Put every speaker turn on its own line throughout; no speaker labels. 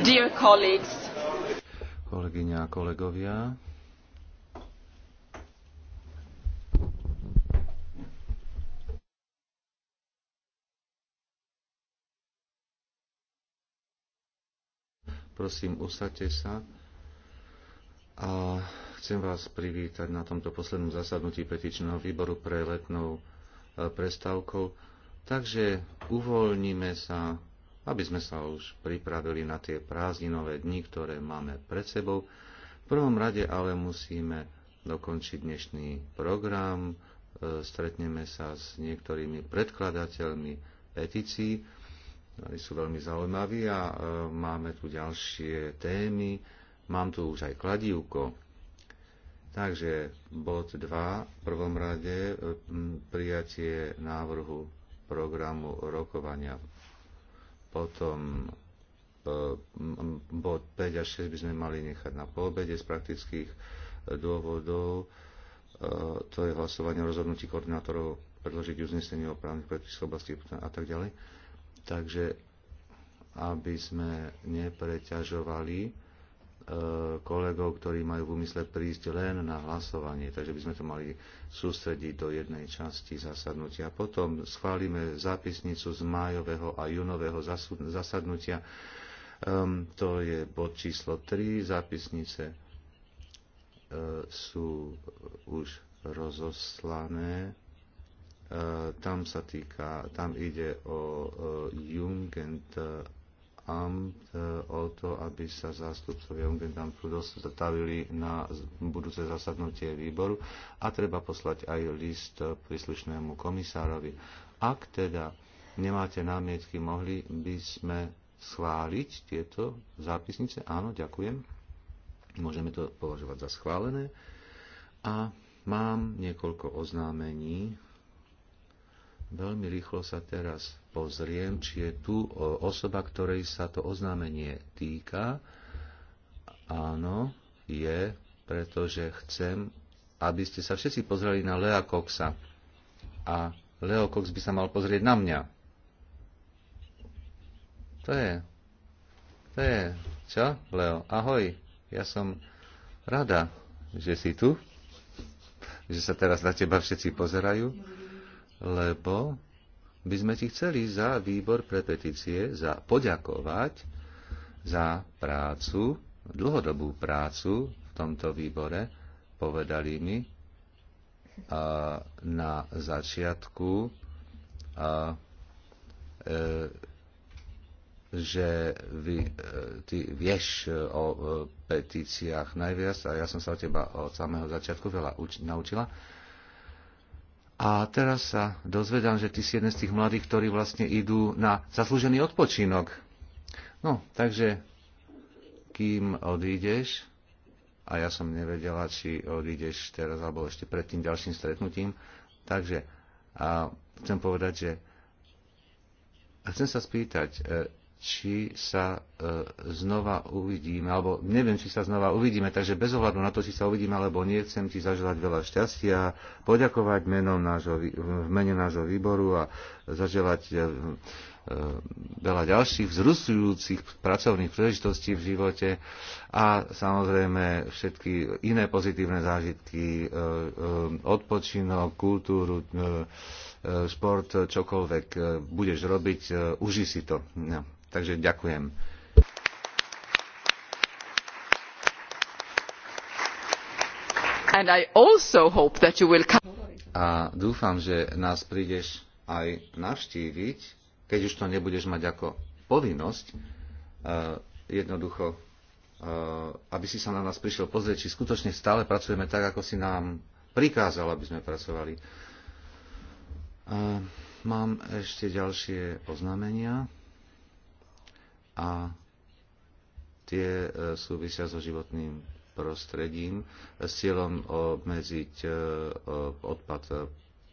Dear colleagues.
Kolegyňa a kolegovia. Prosím, usadte sa. A chcem vás privítať na tomto poslednom zasadnutí petičného výboru pre letnou prestávkou. Takže uvoľníme sa, aby sme sa už pripravili na tie prázdninové dni, ktoré máme pred sebou. V prvom rade ale musíme dokončiť dnešný program. E, stretneme sa s niektorými predkladateľmi petícií. Oni sú veľmi zaujímaví a e, máme tu ďalšie témy. Mám tu už aj kladívko, Takže bod 2, v prvom rade e, prijatie návrhu programu rokovania. Potom e, bod 5 a 6 by sme mali nechať na poobede z praktických e, dôvodov. To je hlasovanie o rozhodnutí koordinátorov predložiť uznesenie o právnych predpisoch oblasti a tak ďalej. Takže aby sme nepreťažovali E, kolegov, ktorí majú v úmysle prísť len na hlasovanie, takže by sme to mali sústrediť do jednej časti zasadnutia. Potom schválime zápisnicu z májového a junového zasadnutia. Um, to je bod číslo 3. Zápisnice uh, sú už rozoslané. Uh, tam sa týka, tam ide o uh, Jugend amt e, o to, aby sa zástupcovia Ungendamtu dostavili na budúce zasadnutie výboru a treba poslať aj list príslušnému komisárovi. Ak teda nemáte námietky, mohli by sme schváliť tieto zápisnice? Áno, ďakujem. Môžeme to považovať za schválené. A mám niekoľko oznámení. Veľmi rýchlo sa teraz pozriem, či je tu e, osoba, ktorej sa to oznámenie týka. Áno, je, pretože chcem, aby ste sa všetci pozreli na Lea Coxa. A Leo Cox by sa mal pozrieť na mňa. To je. To je. Čo, Leo? Ahoj. Ja som rada, že si tu. Že sa teraz na teba všetci pozerajú. Lebo by sme ti chceli za výbor pre petície za poďakovať za prácu, dlhodobú prácu v tomto výbore, povedali mi a na začiatku, a, e, že vy, e, ty vieš o e, petíciách najviac a ja som sa od teba od samého začiatku veľa uč- naučila a teraz sa dozvedám, že ty si jeden z tých mladých, ktorí vlastne idú na zaslúžený odpočinok. No, takže kým odídeš, a ja som nevedela, či odídeš teraz alebo ešte pred tým ďalším stretnutím, takže a chcem povedať, že a chcem sa spýtať, e, či sa e, znova uvidíme, alebo neviem, či sa znova uvidíme, takže bez ohľadu na to, či sa uvidíme alebo nie, chcem ti zaželať veľa šťastia, poďakovať menom nášho, v mene nášho výboru a zaželať e, e, veľa ďalších vzrusujúcich pracovných príležitostí v živote a samozrejme všetky iné pozitívne zážitky, odpočinok, kultúru, šport, čokoľvek budeš robiť, uži si to. No. Takže ďakujem.
And I also hope that you will come.
A dúfam, že nás prídeš aj navštíviť, keď už to nebudeš mať ako povinnosť, uh, jednoducho, uh, aby si sa na nás prišiel pozrieť, či skutočne stále pracujeme tak, ako si nám prikázal, aby sme pracovali. Uh, mám ešte ďalšie oznámenia a tie e, súvisia so životným prostredím s cieľom obmedziť e, odpad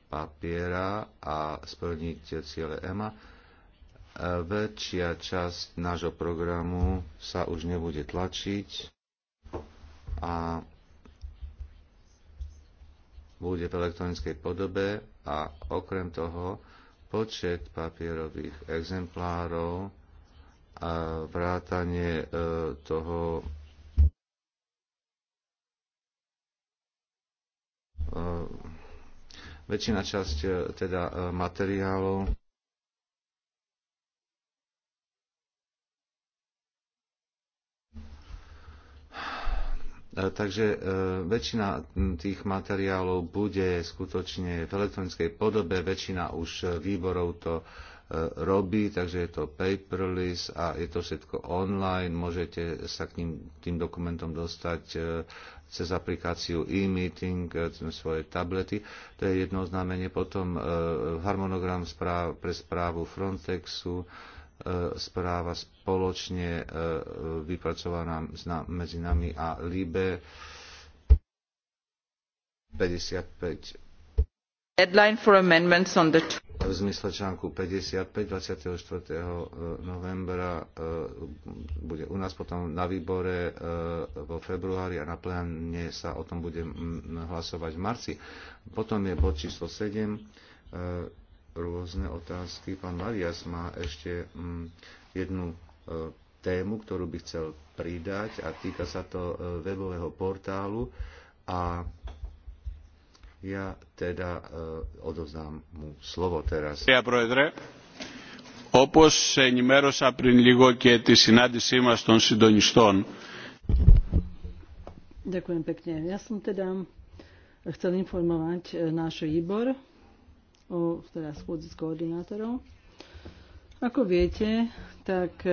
papiera a splniť ciele EMA. E, väčšia časť nášho programu sa už nebude tlačiť a bude v elektronickej podobe a okrem toho počet papierových exemplárov a vrátanie e, toho e, väčšina časť e, teda materiálov Takže väčšina tých materiálov bude skutočne v elektronickej podobe, väčšina už výborov to robí, takže je to paperless a je to všetko online. Môžete sa k ním, tým dokumentom dostať e, cez aplikáciu e-meeting, e, svoje tablety. To je jedno oznámenie. Potom e, harmonogram správ, pre správu Frontexu, správa spoločne vypracovaná medzi nami a Libe 55.
Deadline for amendments on the
v zmysle článku 55 24. Eh, novembra eh, bude u nás potom na výbore eh, vo februári a na pléne sa o tom bude mm, hlasovať v marci. Potom je bod číslo 7 rôzne otázky. Pán Marias má ešte mm, jednu tému, ktorú by chcel pridať a týka sa to webového portálu a ja teda uh, e, odovzdám mu slovo teraz. Ja, proedre. Όπως ενημέρωσα πριν λίγο και τη συνάντησή μας των συντονιστών.
Ďakujem pekne. Ja som teda chcel informovať e, náš výbor o teda schôdzi s koordinátorom. Ako viete, tak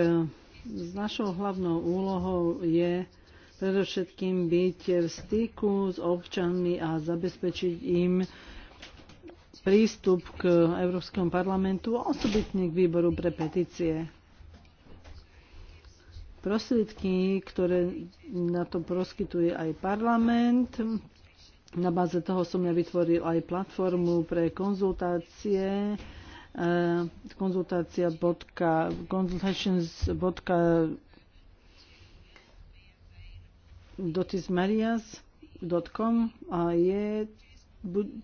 s e, našou hlavnou úlohou je predovšetkým byť v styku s občanmi a zabezpečiť im prístup k Európskom parlamentu a osobitne k výboru pre petície. Prostriedky, ktoré na to proskytuje aj parlament, na báze toho som ja vytvoril aj platformu pre konzultácie eh, konzultácia.consultations.com dotismarias.com a je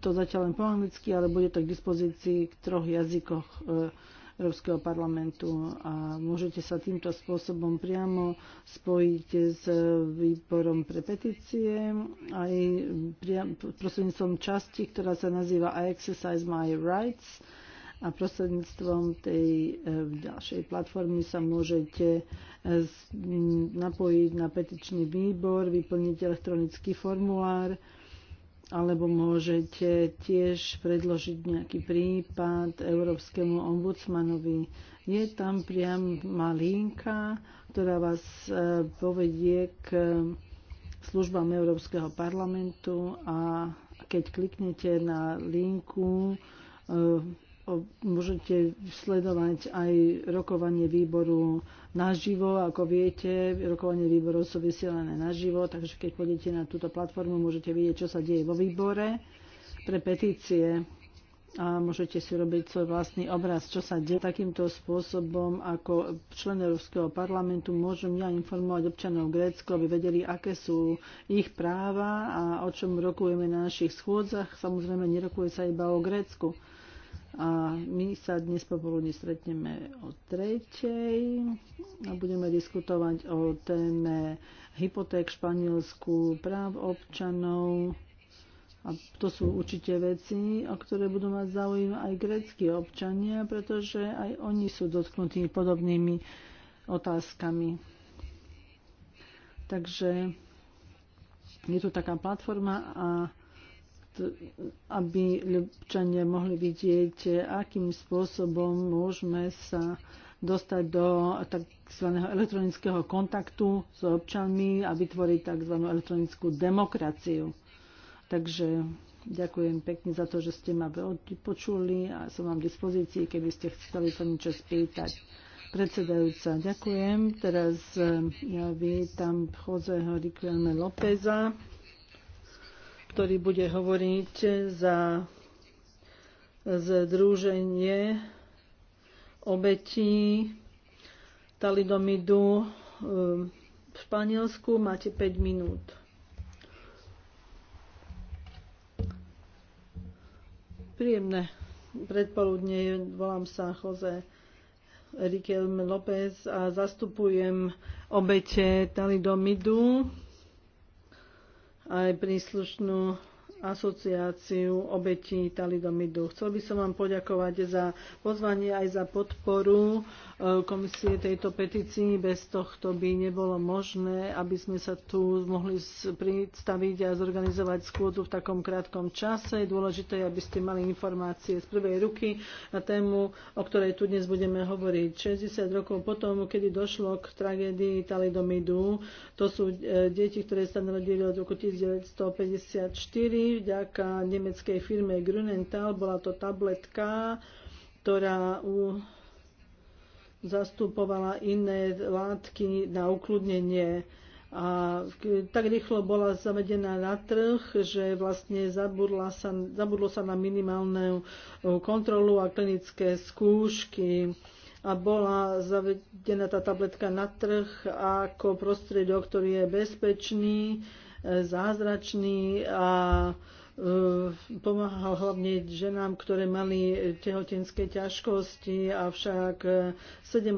to zatiaľ len po anglicky, ale bude to k dispozícii v troch jazykoch e, Európskeho parlamentu a môžete sa týmto spôsobom priamo spojiť s e, výborom pre petície aj e, priam, prostredníctvom časti, ktorá sa nazýva I exercise my rights a prostredníctvom tej e, ďalšej platformy sa môžete e, napojiť na petičný výbor, vyplniť elektronický formulár alebo môžete tiež predložiť nejaký prípad Európskemu ombudsmanovi. Je tam priam malinka, ktorá vás e, povedie k službám Európskeho parlamentu a keď kliknete na linku Môžete sledovať aj rokovanie výboru naživo. Ako viete, rokovanie výborov sú vysielané naživo, takže keď pôjdete na túto platformu, môžete vidieť, čo sa deje vo výbore pre petície a môžete si robiť svoj vlastný obraz, čo sa deje takýmto spôsobom, ako člen Európskeho parlamentu môžem ja informovať občanov Grécko, aby vedeli, aké sú ich práva a o čom rokujeme na našich schôdzach. Samozrejme, nerokuje sa iba o Grécku. A my sa dnes popoludne stretneme o tretej a budeme diskutovať o téme hypoték Španielsku, práv občanov. A to sú určite veci, o ktoré budú mať záujem aj greckí občania, pretože aj oni sú dotknutí podobnými otázkami. Takže je tu taká platforma a aby ľubčania mohli vidieť, akým spôsobom môžeme sa dostať do tzv. elektronického kontaktu s občanmi a vytvoriť tzv. elektronickú demokraciu. Takže ďakujem pekne za to, že ste ma počuli a som vám v dispozícii, keby ste chceli sa niečo spýtať. Predsedajúca, ďakujem. Teraz eh, ja vítam Joseho Riquelme Lópeza ktorý bude hovoriť za združenie obetí talidomidu ehm, v Španielsku. Máte 5 minút. Príjemné predpoludne. Volám sa Jose Riquelme López a zastupujem obete talidomidu aj príslušnú asociáciu obetí talidomidu. Chcel by som vám poďakovať za pozvanie aj za podporu eh, komisie tejto petícii. Bez tohto by nebolo možné, aby sme sa tu mohli predstaviť a zorganizovať skôdzu v takom krátkom čase. Dôležité je, aby ste mali informácie z prvej ruky na tému, o ktorej tu dnes budeme hovoriť. 60 rokov potom, kedy došlo k tragédii talidomidu, to sú eh, deti, ktoré sa narodili od roku 1954 Vďaka nemeckej firme Grünenthal bola to tabletka, ktorá u zastupovala iné látky na ukludnenie. A tak rýchlo bola zavedená na trh, že vlastne zabudla sa, zabudlo sa na minimálnu e, kontrolu a klinické skúšky a bola zavedená tá tabletka na trh ako prostriedok, ktorý je bezpečný, E, zázračný a E, pomáhal hlavne ženám, ktoré mali tehotenské ťažkosti, avšak 7 e,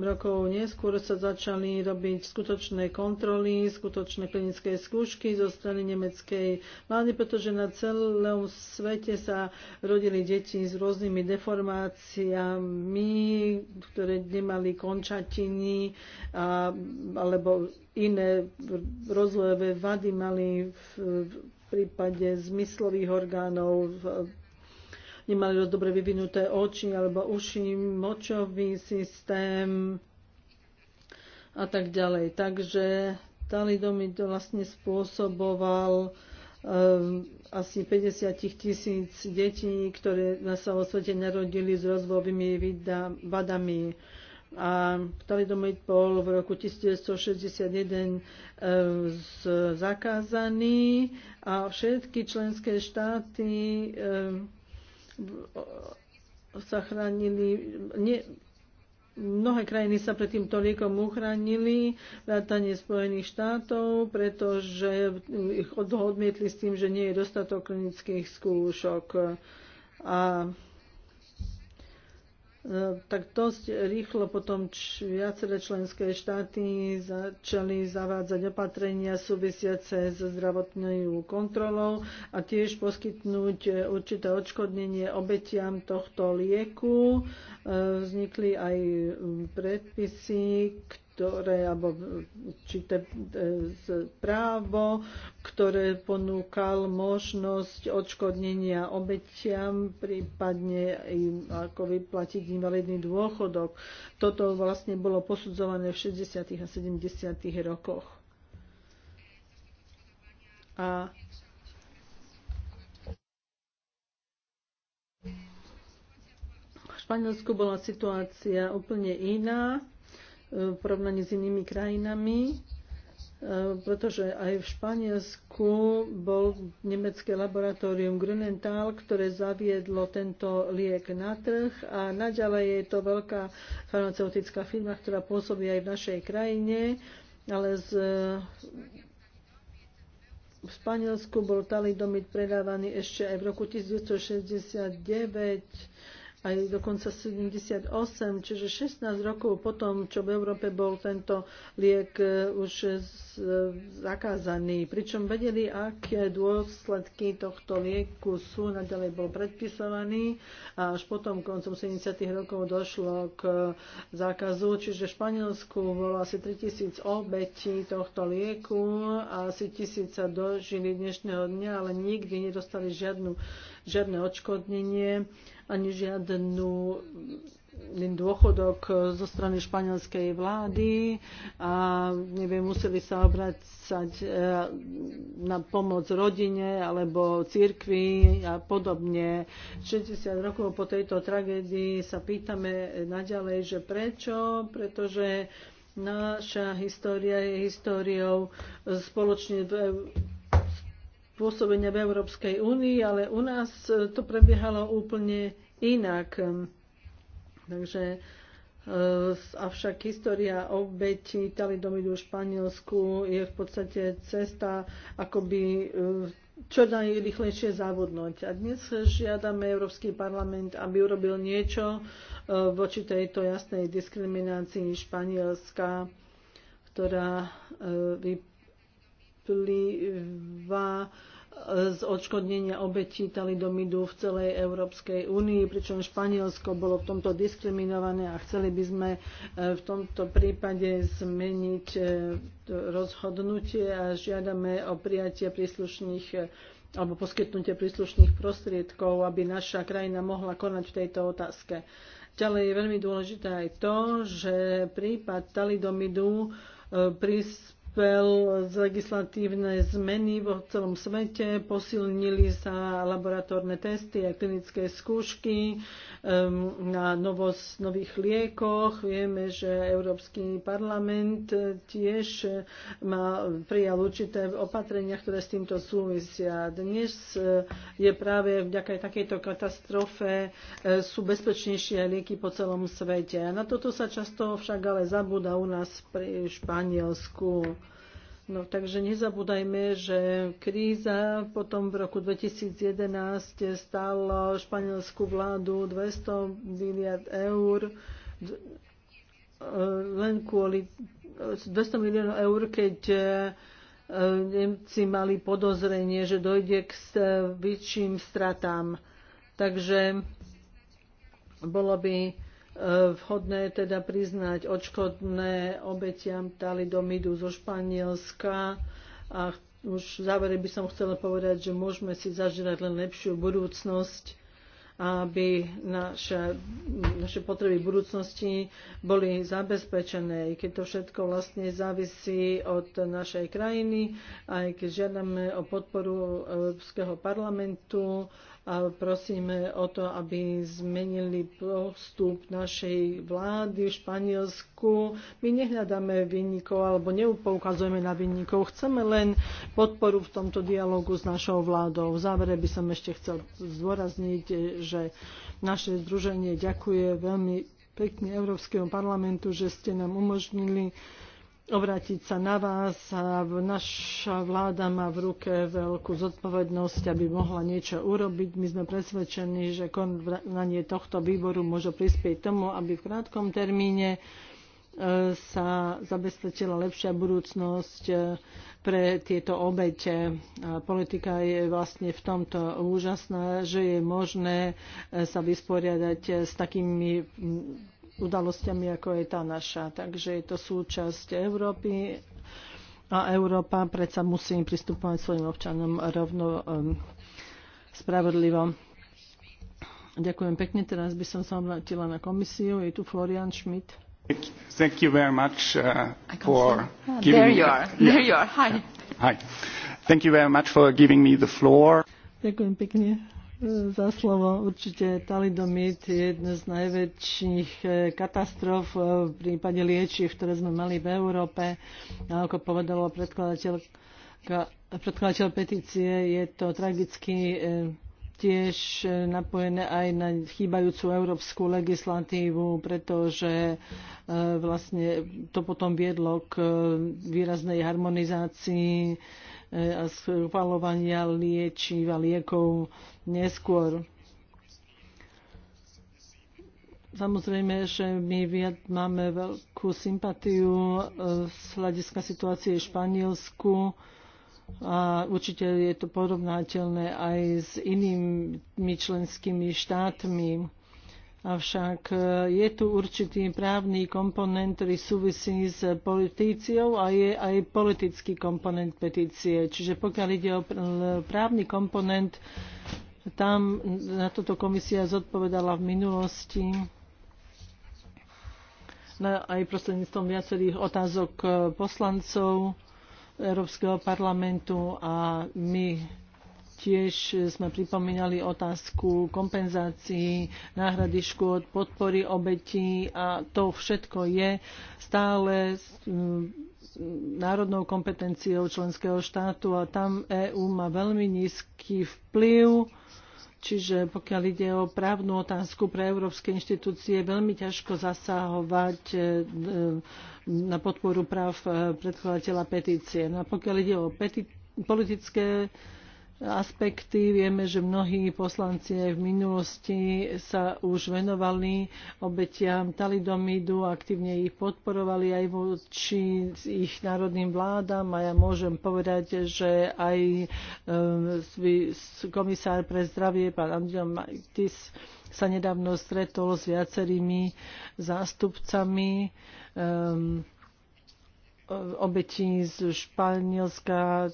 rokov neskôr sa začali robiť skutočné kontroly, skutočné klinické skúšky zo strany nemeckej vlády, pretože na celom svete sa rodili deti s rôznymi deformáciami, ktoré nemali končatiny a, alebo iné rozvojové vady mali v, v prípade zmyslových orgánov nemali dosť dobre vyvinuté oči alebo uši, močový systém a tak ďalej. Takže talidomid vlastne spôsoboval ehm, asi 50 tisíc detí, ktoré sa vo svete narodili s rozvojovými vadami. A talidomid bol v roku 1961 ehm, zakázaný a všetky členské štáty eh, chránili, nie, mnohé krajiny sa pred týmto liekom uchránili, vrátanie Spojených štátov, pretože ich odmietli s tým, že nie je dostatok klinických skúšok. A E, tak dosť rýchlo potom viaceré členské štáty začali zavádzať opatrenia súvisiace so zdravotnou kontrolou a tiež poskytnúť e, určité odškodnenie obetiam tohto lieku. E, vznikli aj predpisy, ktoré ktoré, alebo e, e, z, právo, ktoré ponúkal možnosť odškodnenia obetiam, prípadne im ako vyplatiť invalidný dôchodok. Toto vlastne bolo posudzované v 60. a 70. rokoch. A v Španielsku bola situácia úplne iná v porovnaní s inými krajinami, e, pretože aj v Španielsku bol nemecké laboratórium Grunenthal, ktoré zaviedlo tento liek na trh a naďalej je to veľká farmaceutická firma, ktorá pôsobí aj v našej krajine, ale z v Španielsku bol talidomid predávaný ešte aj v roku 1969 aj dokonca 78, čiže 16 rokov potom, čo v Európe bol tento liek e, už zakázaný. Pričom vedeli, aké dôsledky tohto lieku sú, nadalej bol predpisovaný a až potom koncom 70. rokov došlo k zákazu, čiže v Španielsku bolo asi 3000 obetí tohto lieku a asi 1000 sa dožili dnešného dňa, ale nikdy nedostali žiadnu, žiadne odškodnenie ani žiadnu dôchodok zo strany španielskej vlády a neviem, museli sa obracať e, na pomoc rodine alebo cirkvi a podobne. 60 rokov po tejto tragédii sa pýtame naďalej, že prečo, pretože naša história je históriou spoločne v pôsobenia v Európskej únii, ale u nás e, to prebiehalo úplne inak. Takže e, Avšak história obeti talidomidu v Španielsku je v podstate cesta akoby e, čo najrychlejšie závodnúť. A dnes žiadame Európsky parlament, aby urobil niečo voči tejto jasnej diskriminácii Španielska, ktorá vyplýva z odškodnenia obetí talidomidu v celej Európskej únii, pričom Španielsko bolo v tomto diskriminované a chceli by sme e, v tomto prípade zmeniť e, rozhodnutie a žiadame o prijatie príslušných e, alebo poskytnutie príslušných prostriedkov, aby naša krajina mohla konať v tejto otázke. Ďalej je veľmi dôležité aj to, že prípad talidomidu prís veľ z legislatívne zmeny vo celom svete, posilnili sa laboratórne testy a klinické skúšky ehm, na novos, nových liekoch. Vieme, že Európsky parlament e, tiež e, má, prijal určité opatrenia, ktoré s týmto súvisia. Dnes e, je práve vďaka takejto katastrofe sú bezpečnejšie lieky po celom svete. Na toto sa často však ale zabúda u nás pri Španielsku. No takže nezabúdajme, že kríza potom v roku 2011 stála španielskú vládu 200 miliard eur len kvôli 200 miliónov eur, keď e, Nemci mali podozrenie, že dojde k väčším stratám. Takže bolo by vhodné teda priznať odškodné obetiam talidomidu zo Španielska a už v závere by som chcela povedať, že môžeme si zažívať len lepšiu budúcnosť, aby naše, naše potreby budúcnosti boli zabezpečené, keď to všetko vlastne závisí od našej krajiny, aj keď žiadame o podporu Európskeho parlamentu, a prosíme o to, aby zmenili postup našej vlády v Španielsku. My nehľadáme vynikov alebo neupoukazujeme na vynikov. chceme len podporu v tomto dialogu s našou vládou. V závere by som ešte chcel zdôrazniť, že naše združenie ďakuje veľmi pekne Európskemu parlamentu, že ste nám umožnili obrátiť sa na vás. A naša vláda má v ruke veľkú zodpovednosť, aby mohla niečo urobiť. My sme presvedčení, že konanie tohto výboru môže prispieť tomu, aby v krátkom termíne e, sa zabezpečila lepšia budúcnosť e, pre tieto obete. Politika je vlastne v tomto úžasná, že je možné e, sa vysporiadať s takými udalostiami, ako je tá naša. Takže je to súčasť Európy a Európa predsa musí pristupovať svojim občanom rovno um, spravodlivo. Ďakujem pekne. Teraz by som sa obrátila na komisiu. Je tu Florian Schmidt.
Thank you very much uh, for ah, giving there you are. Yeah.
There you are. Hi. Yeah.
Hi. Thank you very much for giving me the floor.
Ďakujem pekne za slovo. Určite talidomid je jedna z najväčších e, katastrof e, v prípade liečiv, ktoré sme mali v Európe. A ako povedala predkladateľ, predkladateľ petície, je to tragicky e, tiež napojené aj na chýbajúcu európsku legislatívu, pretože vlastne to potom viedlo k výraznej harmonizácii a schvalovania liečiv a liekov neskôr. Samozrejme, že my máme veľkú sympatiu e, z hľadiska situácie v Španielsku a určite je to porovnateľné aj s inými členskými štátmi. Avšak e, je tu určitý právny komponent, ktorý súvisí s petíciou a je aj politický komponent petície. Čiže pokiaľ ide o e, právny komponent, tam na toto komisia zodpovedala v minulosti na, aj prostredníctvom viacerých otázok e, poslancov Európskeho parlamentu a my Tiež sme pripomínali otázku kompenzácií, náhrady škôd, podpory obetí a to všetko je stále mm, národnou kompetenciou členského štátu a tam EÚ má veľmi nízky vplyv. Čiže pokiaľ ide o právnu otázku pre európske inštitúcie, je veľmi ťažko zasahovať e, e, na podporu práv e, predkladateľa petície. No a pokiaľ ide o politické aspekty. Vieme, že mnohí poslanci aj v minulosti sa už venovali obetiam talidomidu, aktívne ich podporovali aj voči ich národným vládam a ja môžem povedať, že aj ehm, komisár pre zdravie, pán Andrej Majtis, sa nedávno stretol s viacerými zástupcami um, obetí z Španielska,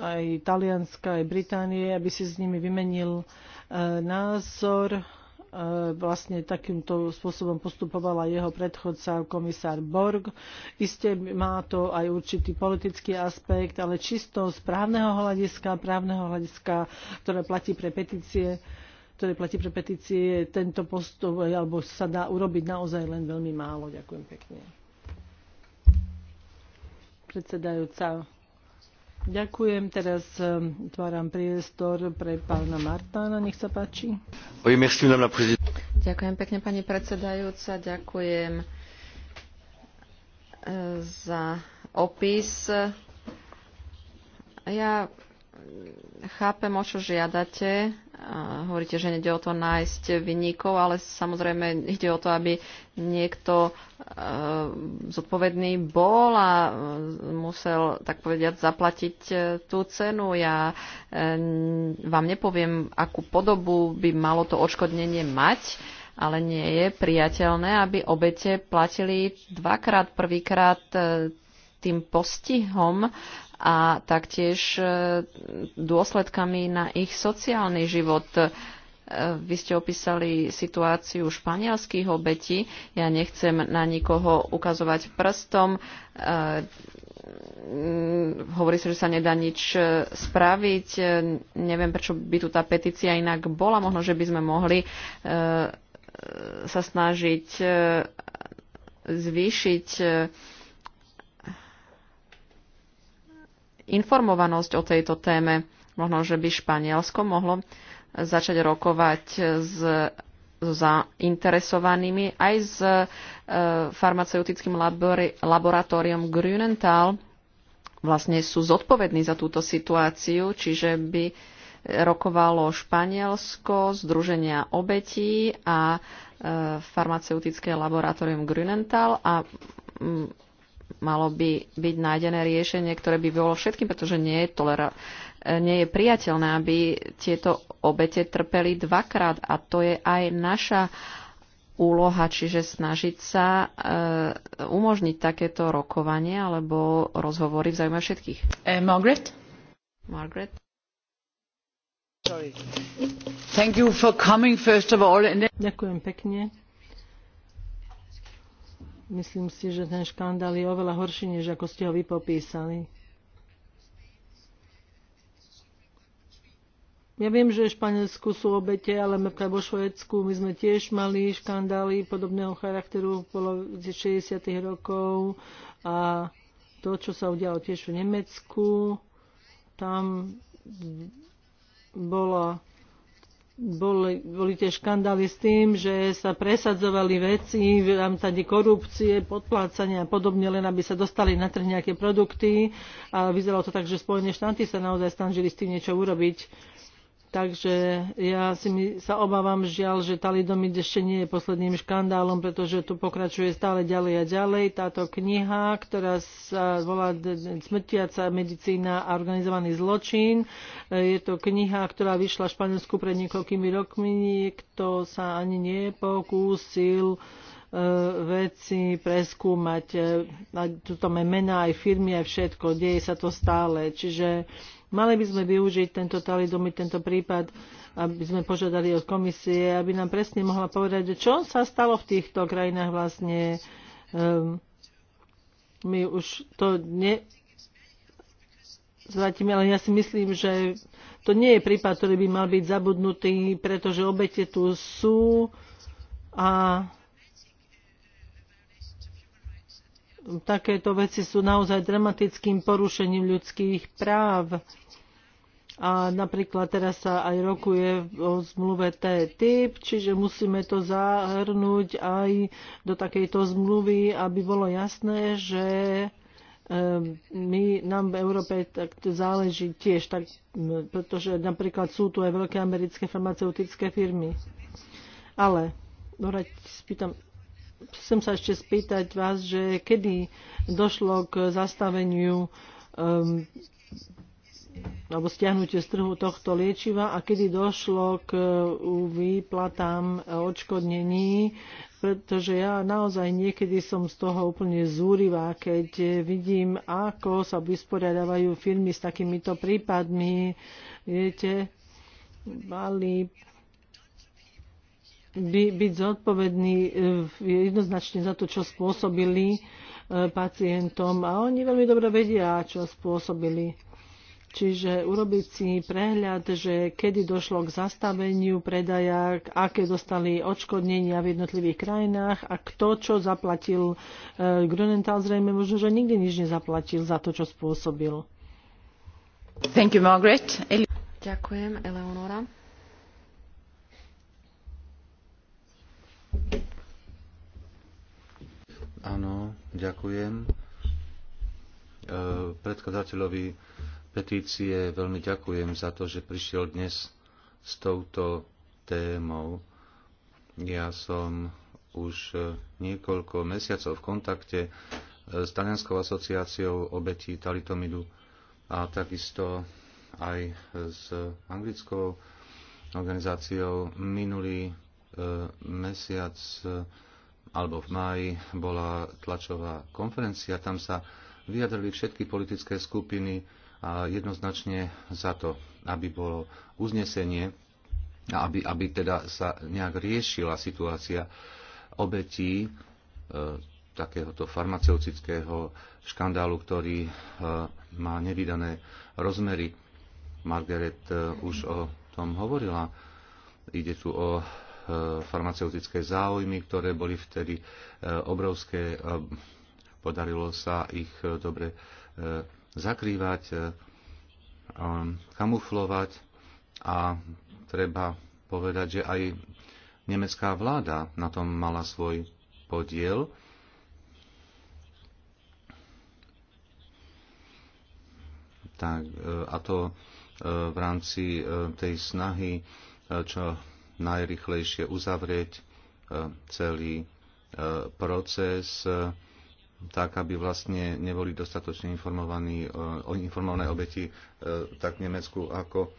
aj Talianska, aj Británie, aby si s nimi vymenil e, názor. E, vlastne takýmto spôsobom postupovala jeho predchodca, komisár Borg. Isté má to aj určitý politický aspekt, ale čisto z právneho hľadiska, právneho hľadiska, ktoré platí pre petície, ktoré platí pre petície, tento postup alebo sa dá urobiť naozaj len veľmi málo. Ďakujem pekne. Predsedajúca, Ďakujem. Teraz ehm, otváram priestor pre pána Martána. Nech sa páči. Oui, merci, la Ďakujem pekne, pani predsedajúca.
Ďakujem e, za opis. Ja chápem, o čo žiadate hovoríte, že nede o to nájsť vinníkov, ale samozrejme ide o to, aby niekto e, zodpovedný bol a e, musel, tak povediať, zaplatiť e, tú cenu. Ja vám nepoviem, akú podobu by malo to odškodnenie mať, ale nie je priateľné, aby obete platili dvakrát, prvýkrát tým postihom a taktiež e, dôsledkami na ich sociálny život. E, vy ste opísali situáciu španielských obetí. Ja nechcem na nikoho ukazovať prstom. E, hovorí sa, že sa nedá nič spraviť. Neviem, prečo by tu tá petícia inak bola. Možno, že by sme mohli sa snažiť zvýšiť informovanosť o tejto téme. Možno, že by Španielsko mohlo začať rokovať s zainteresovanými aj s e, farmaceutickým labori, laboratóriom Grünenthal. Vlastne sú zodpovední za túto situáciu, čiže by rokovalo Španielsko, Združenia obetí a e, farmaceutické laboratórium Grünenthal a Malo by byť nájdené riešenie, ktoré by bolo všetkým, pretože nie je, tolera- nie je priateľné, aby tieto obete trpeli dvakrát a to je aj naša úloha, čiže snažiť sa e, umožniť takéto rokovanie alebo rozhovory
v zaujímavé všetkých. E, Margaret?
Margaret? Sorry.
Thank you for coming first of all. Ďakujem pekne. Myslím si, že ten škandál je oveľa horší, než ako ste ho vypopísali. Ja viem, že v Španielsku sú obete, ale napríklad vo Švédsku my sme tiež mali škandály podobného charakteru v polovici 60. rokov a to, čo sa udialo tiež v Nemecku, tam bola boli, boli tie škandály s tým, že sa presadzovali veci v rámci korupcie, podplácania a podobne, len aby sa dostali na trh nejaké produkty. A vyzeralo to tak, že Spojené štáty sa naozaj snažili s tým niečo urobiť Takže ja si my, sa obávam žiaľ, že talidomid ešte nie je posledným škandálom, pretože tu pokračuje stále ďalej a ďalej. Táto kniha, ktorá sa volá Smrtiaca medicína a organizovaný zločin, e, je to kniha, ktorá vyšla v Španielsku pred niekoľkými rokmi. Niekto sa ani nepokúsil e, veci preskúmať. E, tu máme mená aj firmy, aj všetko. Deje sa to stále. Čiže Mali by sme využiť tento talidomy, tento prípad, aby sme požiadali od komisie, aby nám presne mohla povedať, čo sa stalo v týchto krajinách vlastne. Um, my už to ne, ale ja si myslím, že to nie je prípad, ktorý by mal byť zabudnutý, pretože obete tu sú a takéto veci sú naozaj dramatickým porušením ľudských práv. A napríklad teraz sa aj rokuje o zmluve T-typ, čiže musíme to zahrnúť aj do takejto zmluvy, aby bolo jasné, že ehm, my, nám v Európe tak záleží tiež, tak, pretože napríklad sú tu aj veľké americké farmaceutické firmy. Ale, dohrať, no, spýtam, chcem sa ešte spýtať vás, že kedy došlo k zastaveniu um, alebo stiahnutie z trhu tohto liečiva a kedy došlo k uh, výplatám uh, odškodnení, pretože ja naozaj niekedy som z toho úplne zúrivá, keď uh, vidím, ako sa vysporiadávajú firmy s takýmito prípadmi. Viete, mali by byť zodpovední e, jednoznačne za to, čo spôsobili e, pacientom. A oni veľmi dobre vedia, čo spôsobili. Čiže urobiť si prehľad, že kedy došlo k zastaveniu predaja, aké dostali odškodnenia v jednotlivých krajinách a kto čo zaplatil. E, Grunenthal zrejme možno, že nikdy nič nezaplatil za to, čo spôsobil. Thank you, Margaret.
Ďakujem, Eleonora.
Áno, ďakujem. E, predkladateľovi petície veľmi ďakujem za to, že prišiel dnes s touto témou. Ja som už e, niekoľko mesiacov v kontakte e, s Talianskou asociáciou obetí talitomidu a takisto aj s anglickou organizáciou. Minulý mesiac alebo v máji bola tlačová konferencia. Tam sa vyjadrili všetky politické skupiny a jednoznačne za to, aby bolo uznesenie aby, aby teda sa nejak riešila situácia obetí e, takéhoto farmaceutického škandálu, ktorý e, má nevydané rozmery. Margaret e, už o tom hovorila. Ide tu o Eh, farmaceutické záujmy, ktoré boli vtedy eh, obrovské. Podarilo sa ich eh, dobre zakrývať, kamuflovať a treba povedať, že aj nemecká vláda na tom mala svoj podiel. Tak, a to v rámci tej snahy, čo najrychlejšie uzavrieť e, celý e, proces e, tak, aby vlastne neboli dostatočne informovaní, o informované obeti tak v Nemecku ako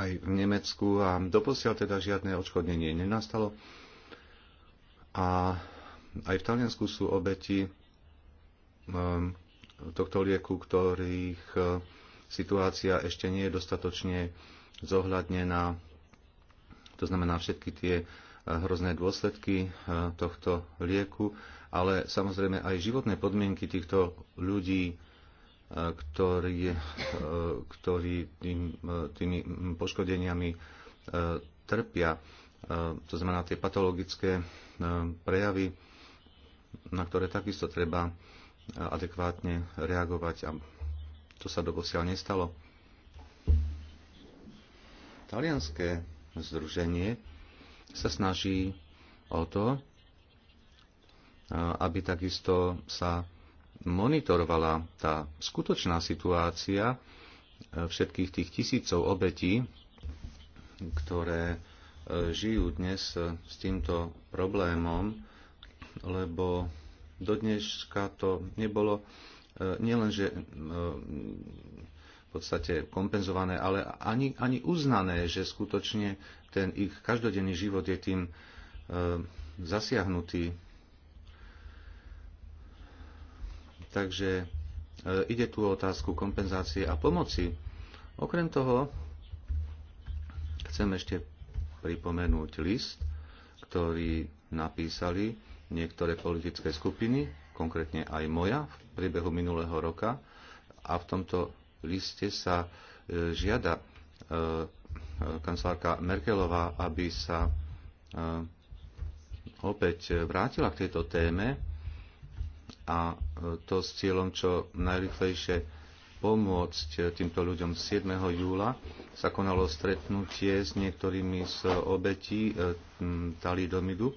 aj v Nemecku a doposiaľ teda žiadne odškodnenie nenastalo. A aj v Taliansku sú obeti tohto lieku, ktorých situácia ešte nie je dostatočne zohľadnená to znamená všetky tie e, hrozné dôsledky e, tohto lieku, ale samozrejme aj životné podmienky týchto ľudí, e, ktorí, ktorí tým, tými poškodeniami trpia. To znamená tie patologické prejavy, na ktoré takisto treba adekvátne reagovať a to sa doposiaľ nestalo. Talianské združenie sa snaží o to, aby takisto sa monitorovala tá skutočná situácia všetkých tých tisícov obetí, ktoré žijú dnes s týmto problémom, lebo do dneška to nebolo nielenže podstate kompenzované, ale ani, ani uznané, že skutočne ten ich každodenný život je tým e, zasiahnutý. Takže e, ide tu o otázku kompenzácie a pomoci. Okrem toho chcem ešte pripomenúť list, ktorý napísali niektoré politické skupiny, konkrétne aj moja v priebehu minulého roka a v tomto liste sa e, žiada e, e, kancelárka Merkelová, aby sa opäť vrátila k tejto téme a to s cieľom čo najrychlejšie pomôcť týmto ľuďom. 7. júla sa konalo stretnutie s niektorými z obetí talidomidu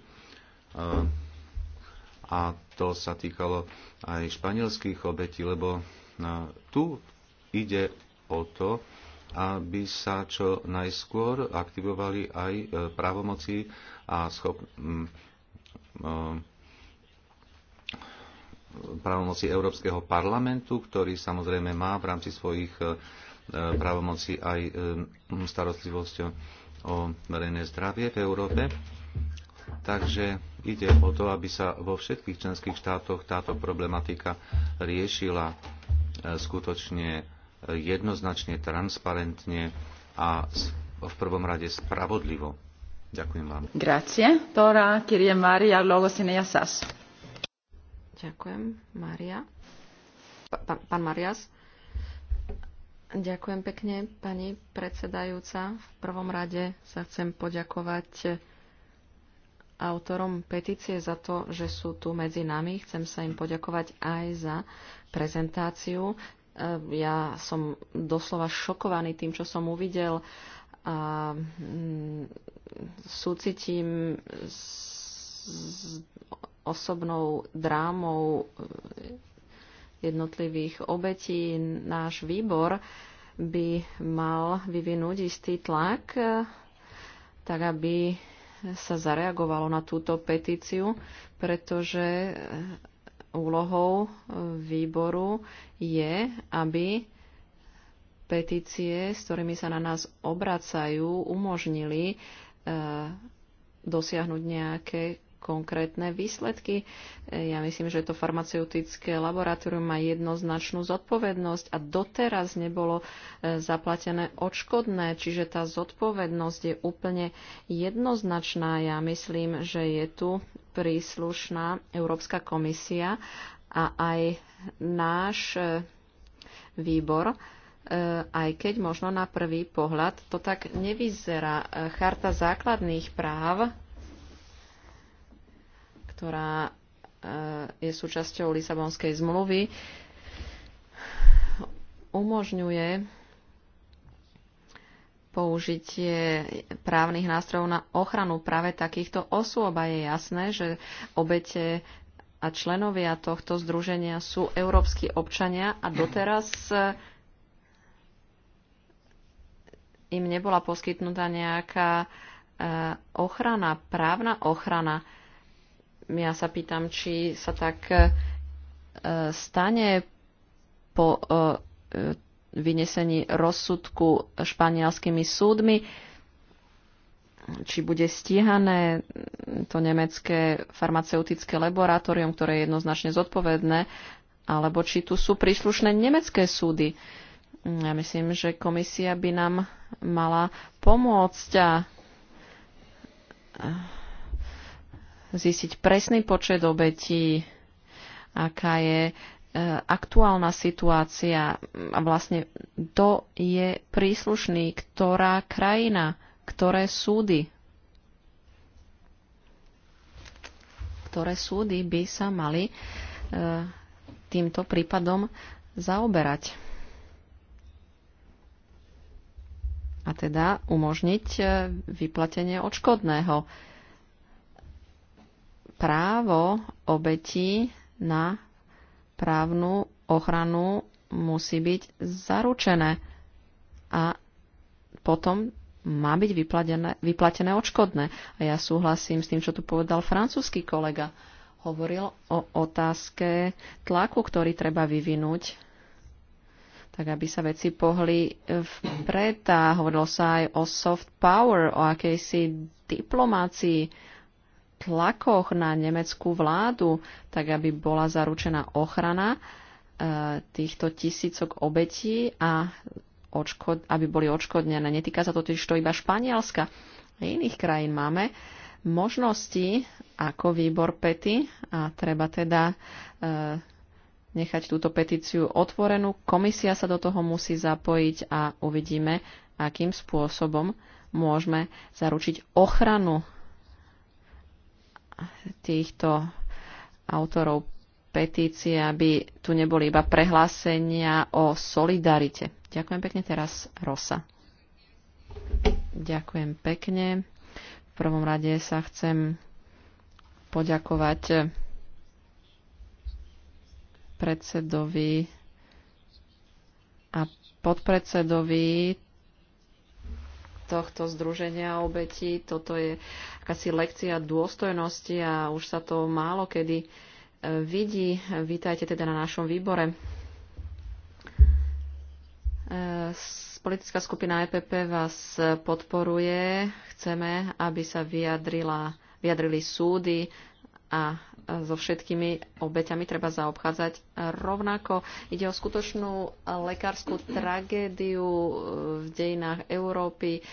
a to sa týkalo aj španielských obetí, lebo tu v ide o to, aby sa čo najskôr aktivovali aj e, právomoci a schop, e, právomoci Európskeho parlamentu, ktorý samozrejme má v rámci svojich e, právomoci aj starostlivosť o verejné zdravie v Európe. Takže ide o to, aby sa vo všetkých členských štátoch táto problematika riešila skutočne jednoznačne, transparentne a v prvom rade spravodlivo. Ďakujem vám.
Grazie. Tora, Kyrie Maria, logo sine jasas. Ďakujem, Maria. pán Marias. Ďakujem pekne, pani predsedajúca. V prvom rade sa chcem poďakovať autorom petície za to, že sú tu medzi nami. Chcem sa im poďakovať aj za prezentáciu. Ehm, ja som doslova šokovaný tým, čo som uvidel a mm, súcitím s osobnou drámou eh, jednotlivých obetí. Náš výbor by mal vyvinúť istý tlak, eh, tak aby sa zareagovalo na túto petíciu, pretože eh, úlohou e, výboru je, aby petície, s ktorými sa na nás obracajú, umožnili e, dosiahnuť nejaké konkrétne výsledky. Ja myslím, že to farmaceutické laboratórium má jednoznačnú zodpovednosť a doteraz nebolo e, zaplatené odškodné, čiže tá zodpovednosť je úplne jednoznačná. Ja myslím, že je tu príslušná Európska komisia a aj náš e, výbor, e, aj keď možno na prvý pohľad to tak nevyzerá. Charta základných práv ktorá eh, je súčasťou Lisabonskej zmluvy, umožňuje použitie právnych nástrojov na ochranu práve takýchto osôb a je jasné, že obete a členovia tohto združenia sú európsky občania a doteraz eh, im nebola poskytnutá nejaká eh, ochrana, právna ochrana ja sa pýtam, či sa tak e, stane po e, e, vynesení rozsudku španielskými súdmi, či bude stíhané to nemecké farmaceutické laboratórium, ktoré je jednoznačne zodpovedné, alebo či tu sú príslušné nemecké súdy. Ja myslím, že komisia by nám mala pomôcť a zistiť presný počet obetí, aká je e, aktuálna situácia a vlastne to je príslušný, ktorá krajina, ktoré súdy, ktoré súdy by sa mali e, týmto prípadom zaoberať. A teda umožniť e, vyplatenie odškodného právo obetí na právnu ochranu musí byť zaručené a potom má byť vyplatené, vyplatené odškodné. A ja súhlasím s tým, čo tu povedal francúzsky kolega. Hovoril o otázke tlaku, ktorý treba vyvinúť, tak aby sa veci pohli vpred. A hovorilo sa aj o soft power, o akejsi diplomácii tlakoch na nemeckú vládu, tak aby bola zaručená ochrana e, týchto tisícok obetí a odškod, aby boli odškodnené. Netýka sa to tiež to iba Španielska. Iných krajín máme možnosti ako výbor pety a treba teda e, nechať túto petíciu otvorenú. Komisia sa do toho musí zapojiť a uvidíme, akým spôsobom môžeme zaručiť ochranu týchto autorov petície, aby tu neboli iba prehlásenia o solidarite. Ďakujem pekne teraz Rosa. Ďakujem pekne. V prvom rade sa chcem poďakovať predsedovi a podpredsedovi tohto združenia obetí. Toto je akási lekcia dôstojnosti a už sa to málo kedy e, vidí. Vítajte teda na našom výbore. E, politická skupina EPP vás podporuje. Chceme, aby sa vyjadrila, vyjadrili súdy a so všetkými obeťami treba zaobchádzať rovnako. Ide o skutočnú lekárskú tragédiu eh, v dejinách Európy. Eh,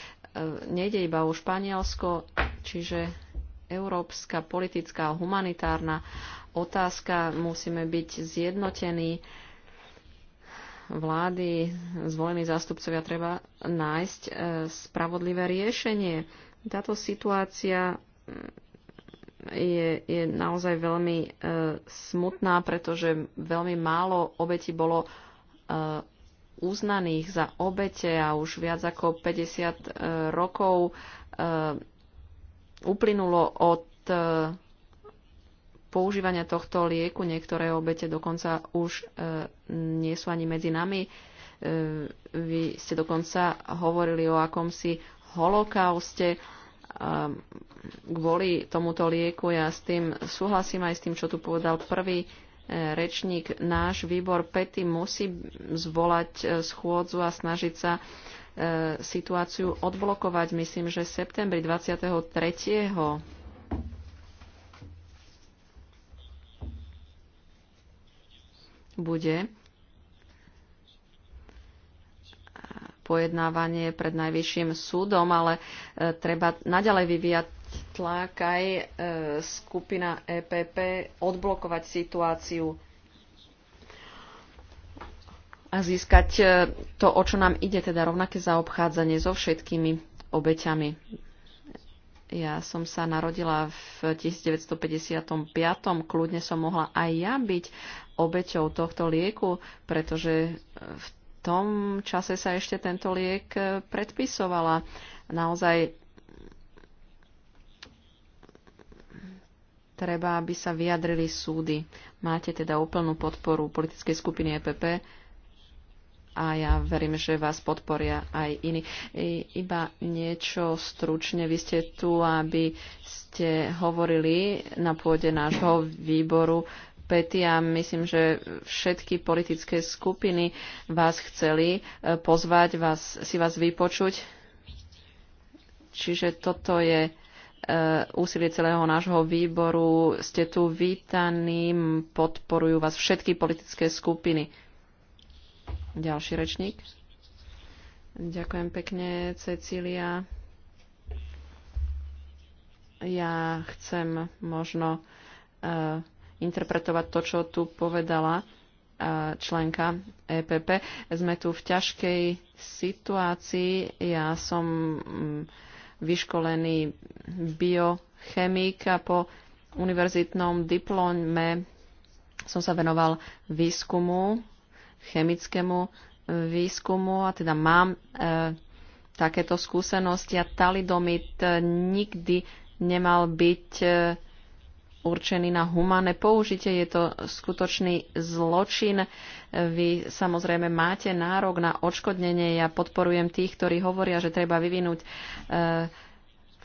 nejde iba o Španielsko, čiže európska politická a humanitárna otázka. Musíme byť zjednotení vlády, zvolení zástupcovia treba nájsť eh, spravodlivé riešenie. Táto situácia mm, je, je naozaj veľmi e, smutná, pretože veľmi málo obetí bolo e, uznaných za obete a už viac ako 50 e, rokov e, uplynulo od e, používania tohto lieku. Niektoré obete dokonca už e, nie sú ani medzi nami. E, vy ste dokonca hovorili o akomsi holokauste kvôli tomuto lieku. Ja s tým súhlasím aj s tým, čo tu povedal prvý e, rečník. Náš výbor PETI musí zvolať e, schôdzu a snažiť sa e, situáciu odblokovať. Myslím, že v septembri 23. bude pojednávanie pred Najvyšším súdom, ale e, treba naďalej vyvíjať tlak aj e, skupina EPP odblokovať situáciu a získať e, to, o čo nám ide, teda rovnaké zaobchádzanie so všetkými obeťami. Ja som sa narodila v 1955. Kľudne som mohla aj ja byť obeťou tohto lieku, pretože v tom čase sa ešte tento liek e, predpisovala. Naozaj treba, aby sa vyjadrili súdy. Máte teda úplnú podporu politickej skupiny EPP a ja verím, že vás podporia aj iní. Iba niečo stručne. Vy ste tu, aby ste hovorili na pôde nášho výboru Peti a myslím, že všetky politické skupiny vás chceli e, pozvať, vás, si vás vypočuť. Čiže toto je e, úsilie celého nášho výboru. Ste tu vítaní, podporujú vás všetky politické skupiny. Ďalší rečník. Ďakujem pekne, Cecília. Ja chcem možno uh, interpretovať to, čo tu povedala e, členka EPP. Sme tu v ťažkej situácii. Ja som mm, vyškolený biochemik a po univerzitnom diplome som sa venoval výskumu, chemickému e, výskumu a teda mám e, takéto skúsenosti a Talidomit e, nikdy nemal byť e, určený na humánne použitie. Je to skutočný zločin. Vy samozrejme máte nárok na odškodnenie. Ja podporujem tých, ktorí hovoria, že treba vyvinúť e,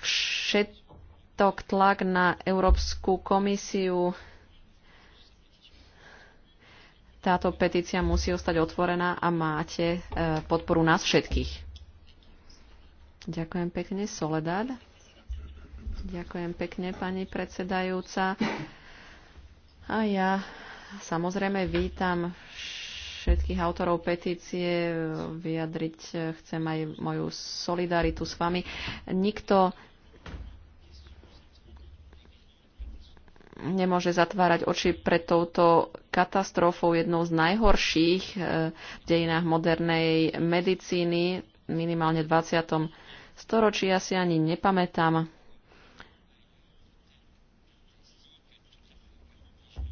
všetok tlak na Európsku komisiu. Táto petícia musí ostať otvorená a máte e, podporu nás všetkých. Ďakujem pekne, Soledad. Ďakujem pekne, pani predsedajúca. A ja samozrejme vítam všetkých autorov petície, vyjadriť chcem aj moju solidaritu s vami. Nikto nemôže zatvárať oči pred touto katastrofou, jednou z najhorších e, v dejinách modernej medicíny, minimálne 20. storočí, ja si ani nepamätám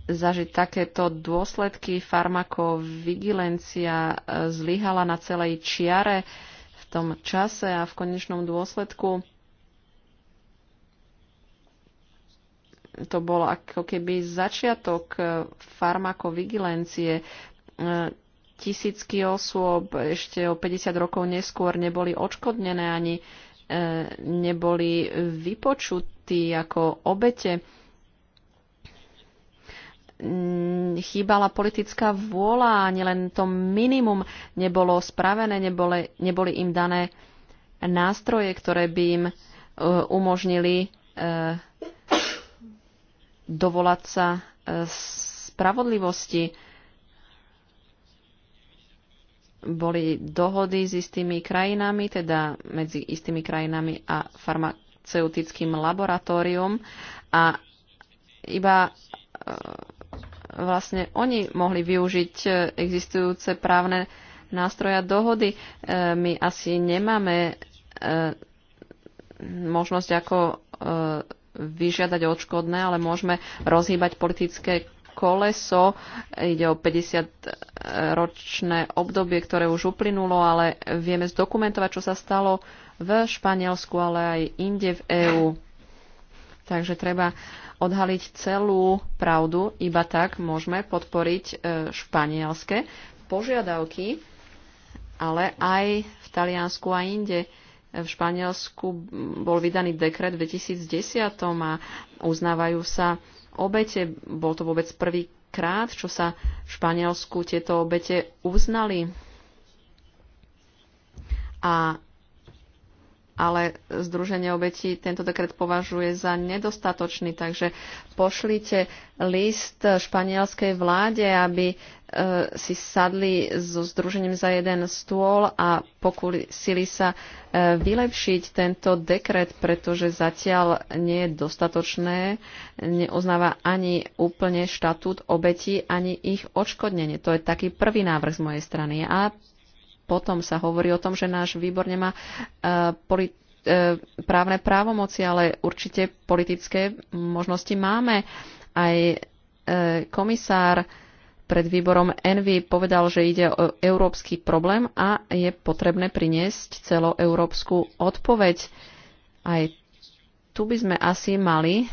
zažiť takéto dôsledky. Farmakovigilencia e, zlyhala na celej čiare v tom čase a v konečnom dôsledku to bol ako keby začiatok e, farmakovigilencie. E, tisícky osôb ešte o 50 rokov neskôr neboli odškodnené ani neboli vypočutí ako obete Mm, chýbala politická vôľa, ani len to minimum nebolo spravené, neboli, neboli im dané nástroje, ktoré by im e, umožnili e, dovolať sa e, spravodlivosti. Boli dohody s istými krajinami, teda medzi istými krajinami a farmaceutickým laboratórium a iba vlastne oni mohli využiť e, existujúce právne nástroja dohody. E, my asi nemáme e, možnosť ako vyžiadať odškodné, ale môžeme rozhýbať politické koleso. Ide o 50-ročné obdobie, ktoré už uplynulo, ale vieme zdokumentovať, čo sa stalo v Španielsku, ale aj inde v EÚ. Takže treba odhaliť celú pravdu, iba tak môžeme podporiť e, španielské požiadavky, ale aj v Taliansku a inde. E, v Španielsku bol vydaný dekret v 2010 a uznávajú sa obete. Bol to vôbec prvý krát, čo sa v Španielsku tieto obete uznali. A ale Združenie obetí tento dekret považuje za nedostatočný, takže pošlite list španielskej vláde, aby e, si sadli so Združením za jeden stôl a pokúsili sa e, vylepšiť tento dekret, pretože zatiaľ nie je dostatočné, neuznáva ani úplne štatút obetí, ani ich odškodnenie. To je taký prvý návrh z mojej strany. A potom sa hovorí o tom, že náš výbor nemá eh, eh, právne právomoci, ale určite politické možnosti máme. Aj eh, komisár pred výborom Envy povedal, že ide o európsky problém a je potrebné priniesť celoeurópsku odpoveď. Aj tu by sme asi mali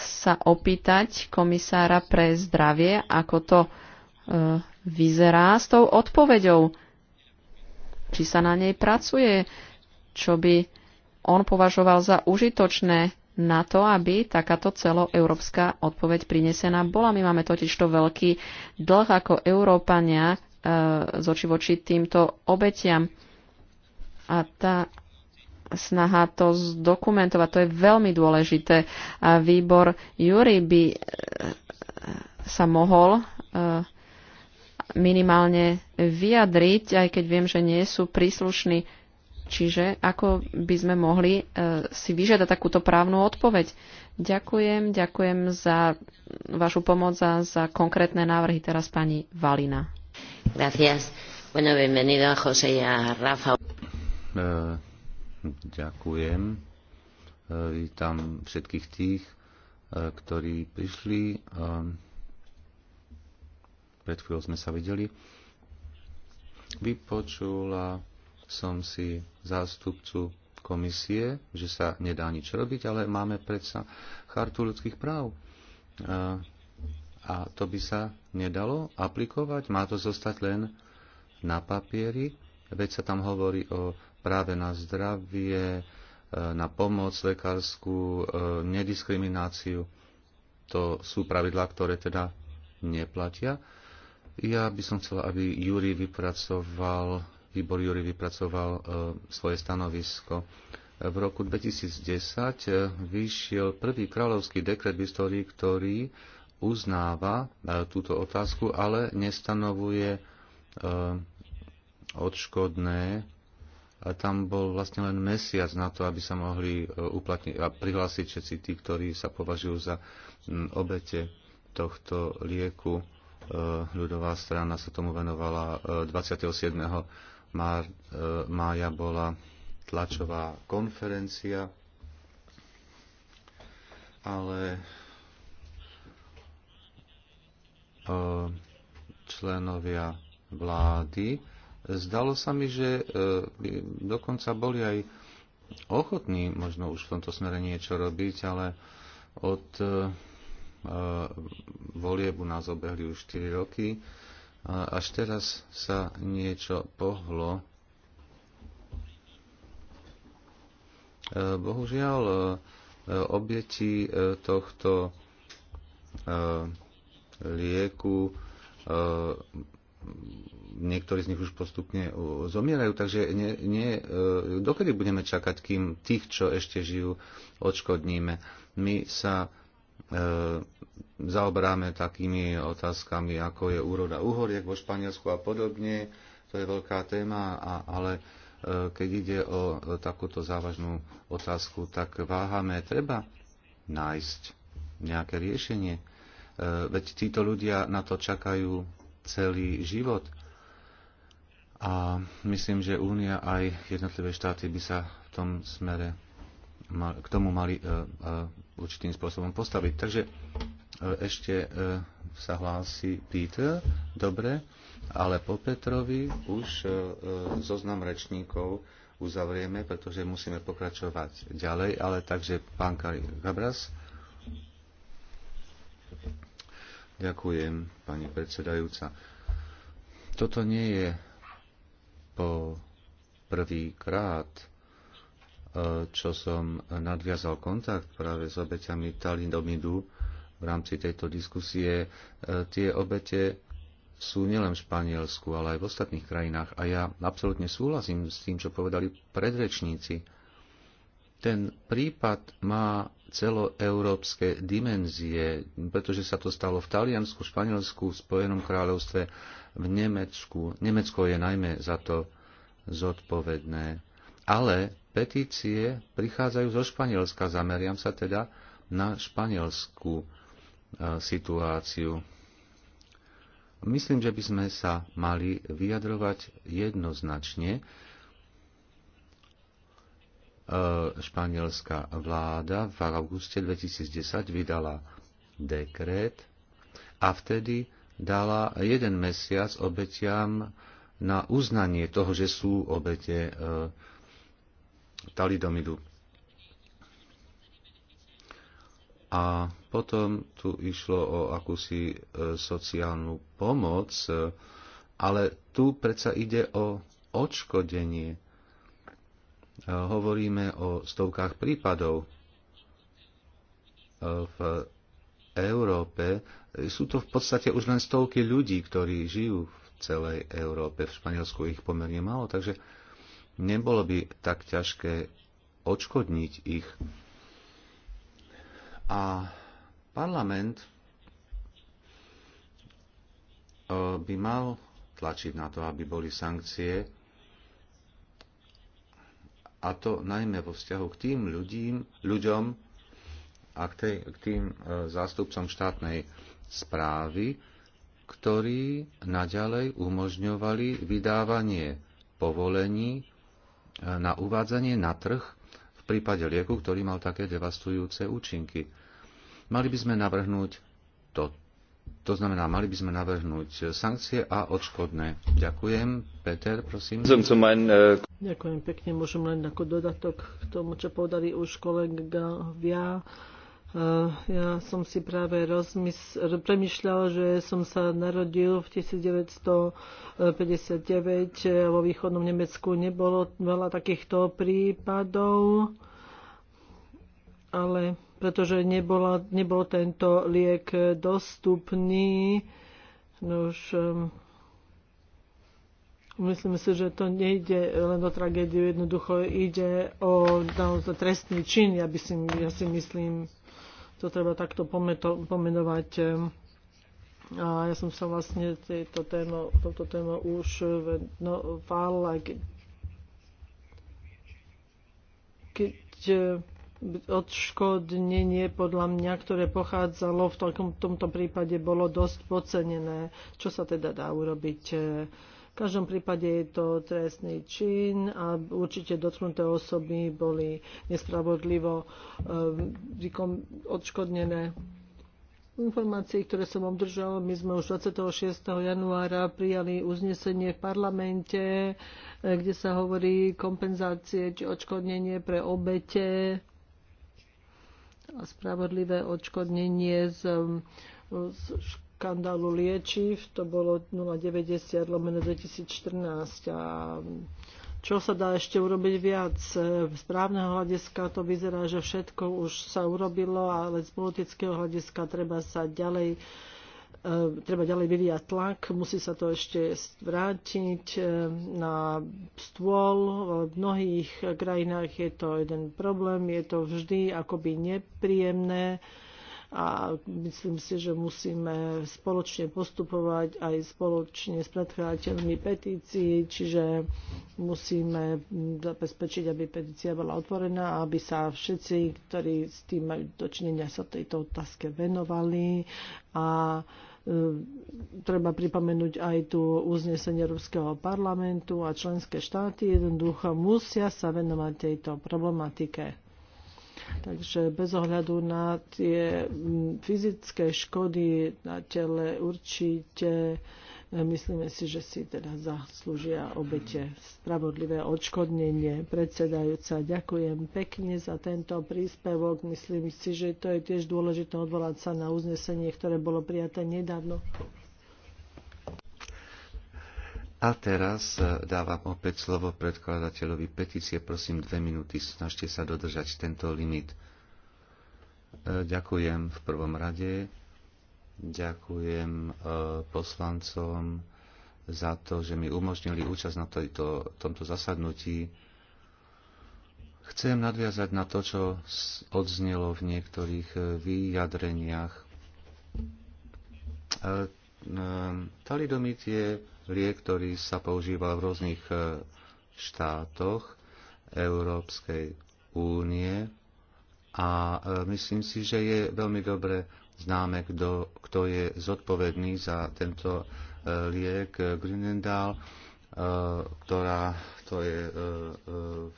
sa opýtať komisára pre zdravie, ako to vyzerá s tou odpoveďou, či sa na nej pracuje, čo by on považoval za užitočné na to, aby takáto celoeurópska odpoveď prinesená bola. My máme totiž to veľký dlh ako Európania e, zoči voči týmto obetiam. A tá snaha to zdokumentovať, to je veľmi dôležité. A výbor Júri by e, sa mohol e, minimálne vyjadriť, aj keď viem, že nie sú príslušní. Čiže ako by sme mohli e, si vyžiadať takúto právnu odpoveď? Ďakujem, ďakujem za vašu pomoc a za konkrétne návrhy teraz pani Valina. Gracias. Bueno, bienvenido a José a Rafa. E,
ďakujem. E, vítam všetkých tých, e, ktorí prišli. E, pred chvíľou sme sa videli. Vypočula som si zástupcu komisie, že sa nedá nič robiť, ale máme predsa chartu ľudských práv. A to by sa nedalo aplikovať? Má to zostať len na papieri? Veď sa tam hovorí o práve na zdravie, e, na pomoc lekárskú, e, nediskrimináciu. To sú pravidlá, ktoré teda neplatia. Ja by som chcela, aby Júri vypracoval, výbor Júri vypracoval e, svoje stanovisko. V roku 2010 e, vyšiel prvý kráľovský dekret v histórii, ktorý uznáva e, túto otázku, ale nestanovuje e, odškodné a tam bol vlastne len mesiac na to, aby sa mohli e, uplatniť a prihlásiť všetci tí, ktorí sa považujú za obete tohto lieku. E, ľudová strana sa tomu venovala 27. E, e, mája bola tlačová konferencia, ale členovia vlády. Zdalo sa mi, že dokonca boli aj ochotní možno už v tomto smere niečo robiť, ale od Eh, volieb u nás obehli už 4 roky. Až teraz sa niečo pohlo. Eh, bohužiaľ, eh, obeti tohto lieku niektorí z nich už postupne zomierajú, takže nie, nie, dokedy budeme čakať, kým tých, čo ešte žijú, odškodníme. My sa E, zaoberáme takými otázkami, ako je úroda uhoriek vo Španielsku a podobne. To je veľká téma, a, ale e, keď ide o takúto závažnú otázku, tak váhame. Treba nájsť nejaké riešenie. E, veď títo ľudia na to čakajú celý život. A myslím, že Únia aj jednotlivé štáty by sa v tom smere k tomu mali určitým spôsobom postaviť. Takže e, ešte e, sa hlási Peter, dobre, ale po Petrovi už e, zoznam rečníkov uzavrieme, pretože musíme pokračovať ďalej, ale takže pán Gabras. Ďakujem, pani predsedajúca. Toto nie je po prvý krát, čo som nadviazal kontakt práve s obeťami talidomidu v rámci tejto diskusie, e, tie obete sú nielen v Španielsku, ale aj v ostatných krajinách. A ja absolútne súhlasím s tým, čo povedali predrečníci. Ten prípad má celoeurópske dimenzie, pretože sa to stalo v Taliansku, Španielsku, v Spojenom kráľovstve, v Nemecku. Nemecko je najmä za to zodpovedné ale petície prichádzajú zo Španielska. Zameriam sa teda na španielskú e, situáciu. Myslím, že by sme sa mali vyjadrovať jednoznačne. E, španielská vláda v auguste 2010 vydala dekret a vtedy dala jeden mesiac obetiam na uznanie toho, že sú obete e, talidomidu. A potom tu išlo o akúsi e, sociálnu pomoc, e, ale tu predsa ide o odškodenie. E, hovoríme o stovkách prípadov v Európe. Sú to v podstate už len stovky ľudí, ktorí žijú v celej Európe. V Španielsku ich pomerne málo, takže nebolo by tak ťažké odškodniť ich. A parlament e, by mal tlačiť na to, aby boli sankcie, a to najmä vo vzťahu k tým ľudím, ľuďom a k, tej, k tým e, zástupcom štátnej správy, ktorí naďalej umožňovali vydávanie povolení na uvádzanie na trh v prípade lieku, ktorý mal také devastujúce účinky. Mali by sme navrhnúť to. To znamená, mali by sme navrhnúť sankcie a odškodné. Ďakujem. Peter, prosím. E,
Ďakujem pekne. Môžem len ako dodatok k tomu, čo povedali už kolega Via. Ja som si práve rozmys- premyšľal, že som sa narodil v 1959 eh, vo východnom Nemecku. Nebolo veľa takýchto prípadov, ale pretože nebola, nebol tento liek dostupný, no už ehm, Myslím si, že to nejde len o tragédiu, jednoducho ide o naozaj trestný čin, ja, by si, ja si myslím to treba takto pomenovať. Ehm, a ja som sa vlastne tejto témo, toto tému už venoval. keď, keď ehm, odškodnenie podľa mňa, ktoré pochádzalo v takom, tomto prípade, bolo dosť podcenené. Čo sa teda dá urobiť? Ehm, v každom prípade je to trestný čin a určite dotknuté osoby boli nespravodlivo eh, odškodnené informácií, ktoré som obdržal. My sme už 26. januára prijali uznesenie v parlamente, eh, kde sa hovorí kompenzácie či odškodnenie pre obete a spravodlivé odškodnenie z, eh, z škandálu liečiv, to bolo 090 lomeno 2014 a čo sa dá ešte urobiť viac? Z právneho hľadiska to vyzerá, že všetko už sa urobilo, ale z politického hľadiska treba sa ďalej e, treba ďalej vyvíjať tlak, musí sa to ešte vrátiť e, na stôl. V mnohých krajinách je to jeden problém, je to vždy akoby nepríjemné a myslím si, že musíme spoločne postupovať aj spoločne s predkladateľmi petícií, čiže musíme zabezpečiť, aby petícia bola otvorená, aby sa všetci, ktorí s tým majú dočinenia, sa tejto otázke venovali a e, treba pripomenúť aj tu uznesenie Európskeho parlamentu a členské štáty jednoducho musia sa venovať tejto problematike. Takže bez ohľadu na tie fyzické škody na tele určite e, myslíme si, že si teda zaslúžia obete spravodlivé odškodnenie. Predsedajúca, ďakujem pekne za tento príspevok. Myslím si, že to je tiež dôležité odvolať sa na uznesenie, ktoré bolo prijaté nedávno.
A teraz e, dávam opäť slovo predkladateľovi petície. Prosím, dve minúty. Snažte sa dodržať tento limit. E, ďakujem v prvom rade. Ďakujem e, poslancom za to, že mi umožnili účasť na tejto, tomto zasadnutí. Chcem nadviazať na to, čo odznelo v niektorých vyjadreniach. Talidomit je liek, ktorý sa používal v rôznych e, štátoch Európskej únie a e, myslím si, že je veľmi dobre známe, kto, kto je zodpovedný za tento e, liek Grünendahl, ktorá to je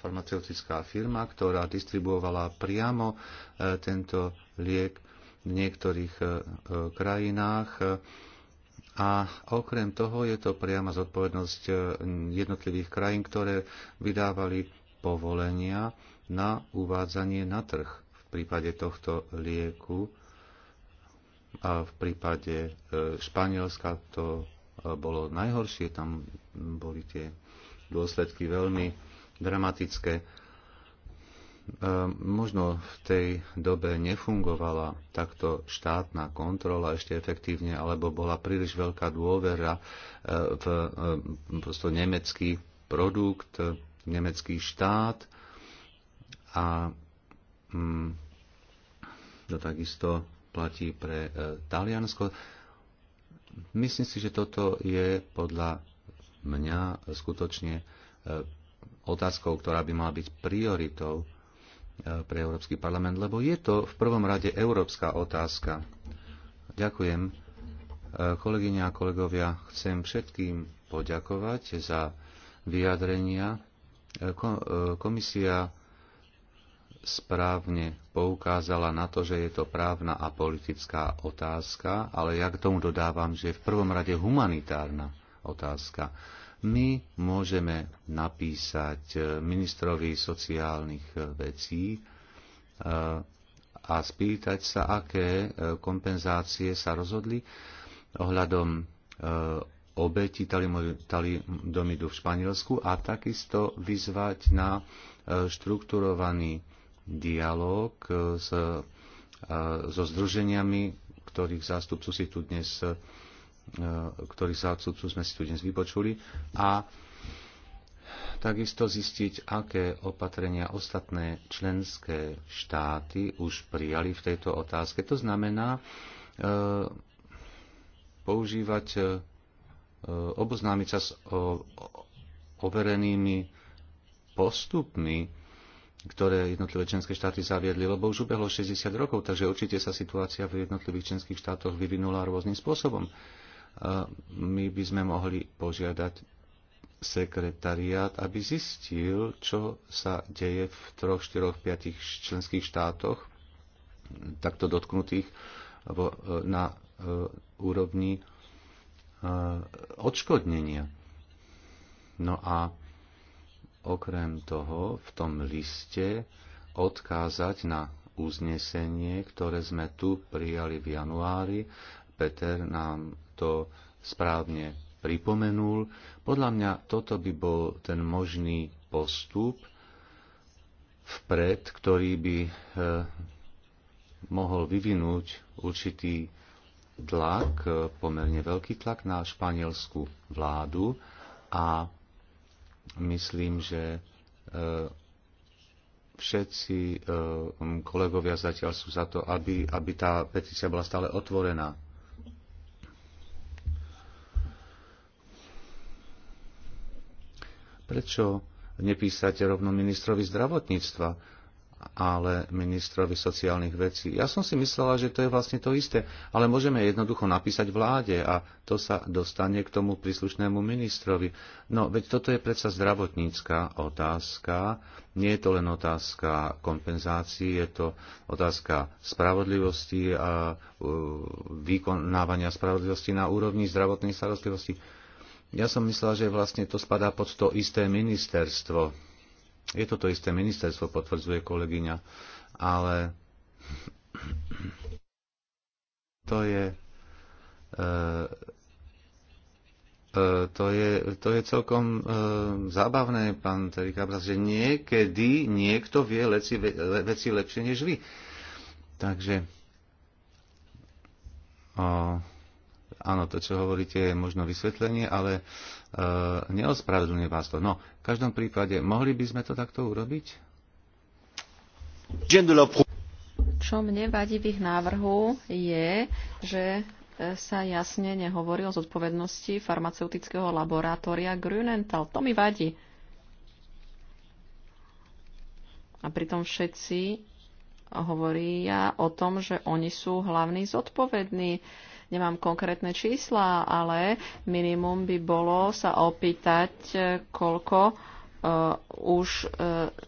farmaceutická firma, ktorá distribuovala priamo tento liek v niektorých krajinách a okrem toho je to priama zodpovednosť eh, jednotlivých krajín, ktoré vydávali povolenia na uvádzanie na trh v prípade tohto lieku. A v prípade eh, Španielska to eh, bolo najhoršie, tam boli tie dôsledky veľmi dramatické. Ehm, možno v tej dobe nefungovala takto štátna kontrola ešte efektívne, alebo bola príliš veľká dôvera e, v e, nemecký produkt, e, nemecký štát a mm, to takisto platí pre Taliansko. Myslím si, že toto je podľa mňa skutočne otázkou, ktorá by mala byť prioritou E, pre Európsky parlament, lebo je to v prvom rade európska otázka. Ďakujem. E, kolegyne a kolegovia, chcem všetkým poďakovať za vyjadrenia. E, komisia správne poukázala na to, že je to právna a politická otázka, ale ja k tomu dodávam, že je v prvom rade humanitárna otázka. My môžeme napísať e, ministrovi sociálnych e, vecí e, a spýtať sa, aké kompenzácie sa rozhodli ohľadom obeti talidomidu v Španielsku a takisto vyzvať na štrukturovaný dialog so združeniami, ktorých zástupcu si tu dnes E, ktorých odsudcu sme si tu dnes vypočuli a takisto zistiť, aké opatrenia ostatné členské štáty už prijali v tejto otázke. To znamená e, používať, e, oboznámiť sa s o, overenými postupmi, ktoré jednotlivé členské štáty zaviedli, lebo už ubehlo 60 rokov, takže určite sa situácia v jednotlivých členských štátoch vyvinula rôznym spôsobom. E, my by sme mohli požiadať sekretariát, aby zistil, čo sa deje v troch, štyroch, piatich členských štátoch takto dotknutých na e, úrovni e, odškodnenia. No a okrem toho v tom liste odkázať na uznesenie, ktoré sme tu prijali v januári. Peter nám to správne pripomenul. Podľa mňa toto by bol ten možný postup vpred, ktorý by e, mohol vyvinúť určitý tlak, e, pomerne veľký tlak na španielskú vládu a myslím, že e, všetci kolegovia zatiaľ sú za to, aby, aby tá petícia bola stále otvorená Prečo nepísať rovno ministrovi zdravotníctva, ale ministrovi sociálnych vecí? Ja som si myslela, že to je vlastne to isté, ale môžeme jednoducho napísať vláde a to sa dostane k tomu príslušnému ministrovi. No, veď toto je predsa zdravotnícká otázka. Nie je to len otázka kompenzácií, je to otázka spravodlivosti a e, vykonávania spravodlivosti na úrovni zdravotnej starostlivosti ja som myslela, že vlastne to spadá pod to isté ministerstvo. Je to to isté ministerstvo, potvrdzuje kolegyňa, ale to je, e, e, to je, to je celkom e, zábavné, pán Terikabras, že niekedy niekto vie leci, veci lepšie než vy. Takže o, Áno, to, čo hovoríte, je možno vysvetlenie, ale e, neospravedlňuje vás to. No, v každom prípade, mohli by sme to takto urobiť?
Čo mne vadí v ich návrhu je, že e, sa jasne nehovorí o zodpovednosti farmaceutického laboratória Grünenthal. To mi vadí. A pritom všetci hovoria o tom, že oni sú hlavní zodpovední Nemám konkrétne čísla, ale minimum by bolo sa opýtať, koľko e, už e,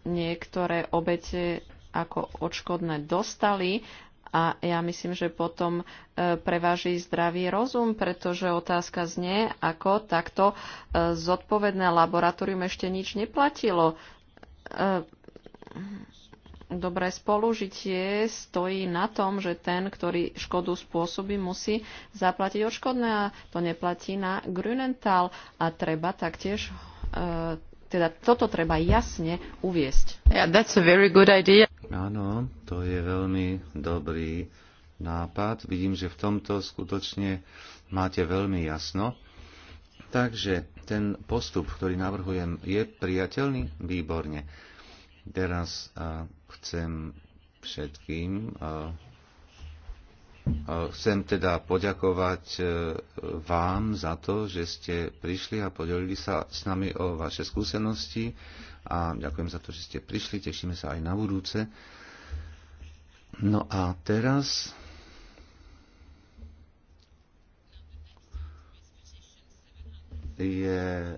niektoré obete ako odškodné dostali a ja myslím, že potom e, preváži zdravý rozum, pretože otázka znie, ako takto zodpovedné laboratórium ešte nič neplatilo dobré spolužitie stojí na tom, že ten, ktorý škodu spôsobí, musí zaplatiť odškodné a to neplatí na Grünenthal a treba taktiež e, teda toto treba jasne uviesť. Yeah, that's
a very good idea.
Áno, to je veľmi dobrý nápad. Vidím, že v tomto skutočne máte veľmi jasno. Takže ten postup, ktorý navrhujem, je priateľný? Výborne. Teraz Chcem všetkým Chcem teda poďakovať e, vám za to, že ste prišli a podelili sa s nami o vaše skúsenosti a ďakujem za to, že ste prišli, tešíme sa aj na budúce. No a teraz je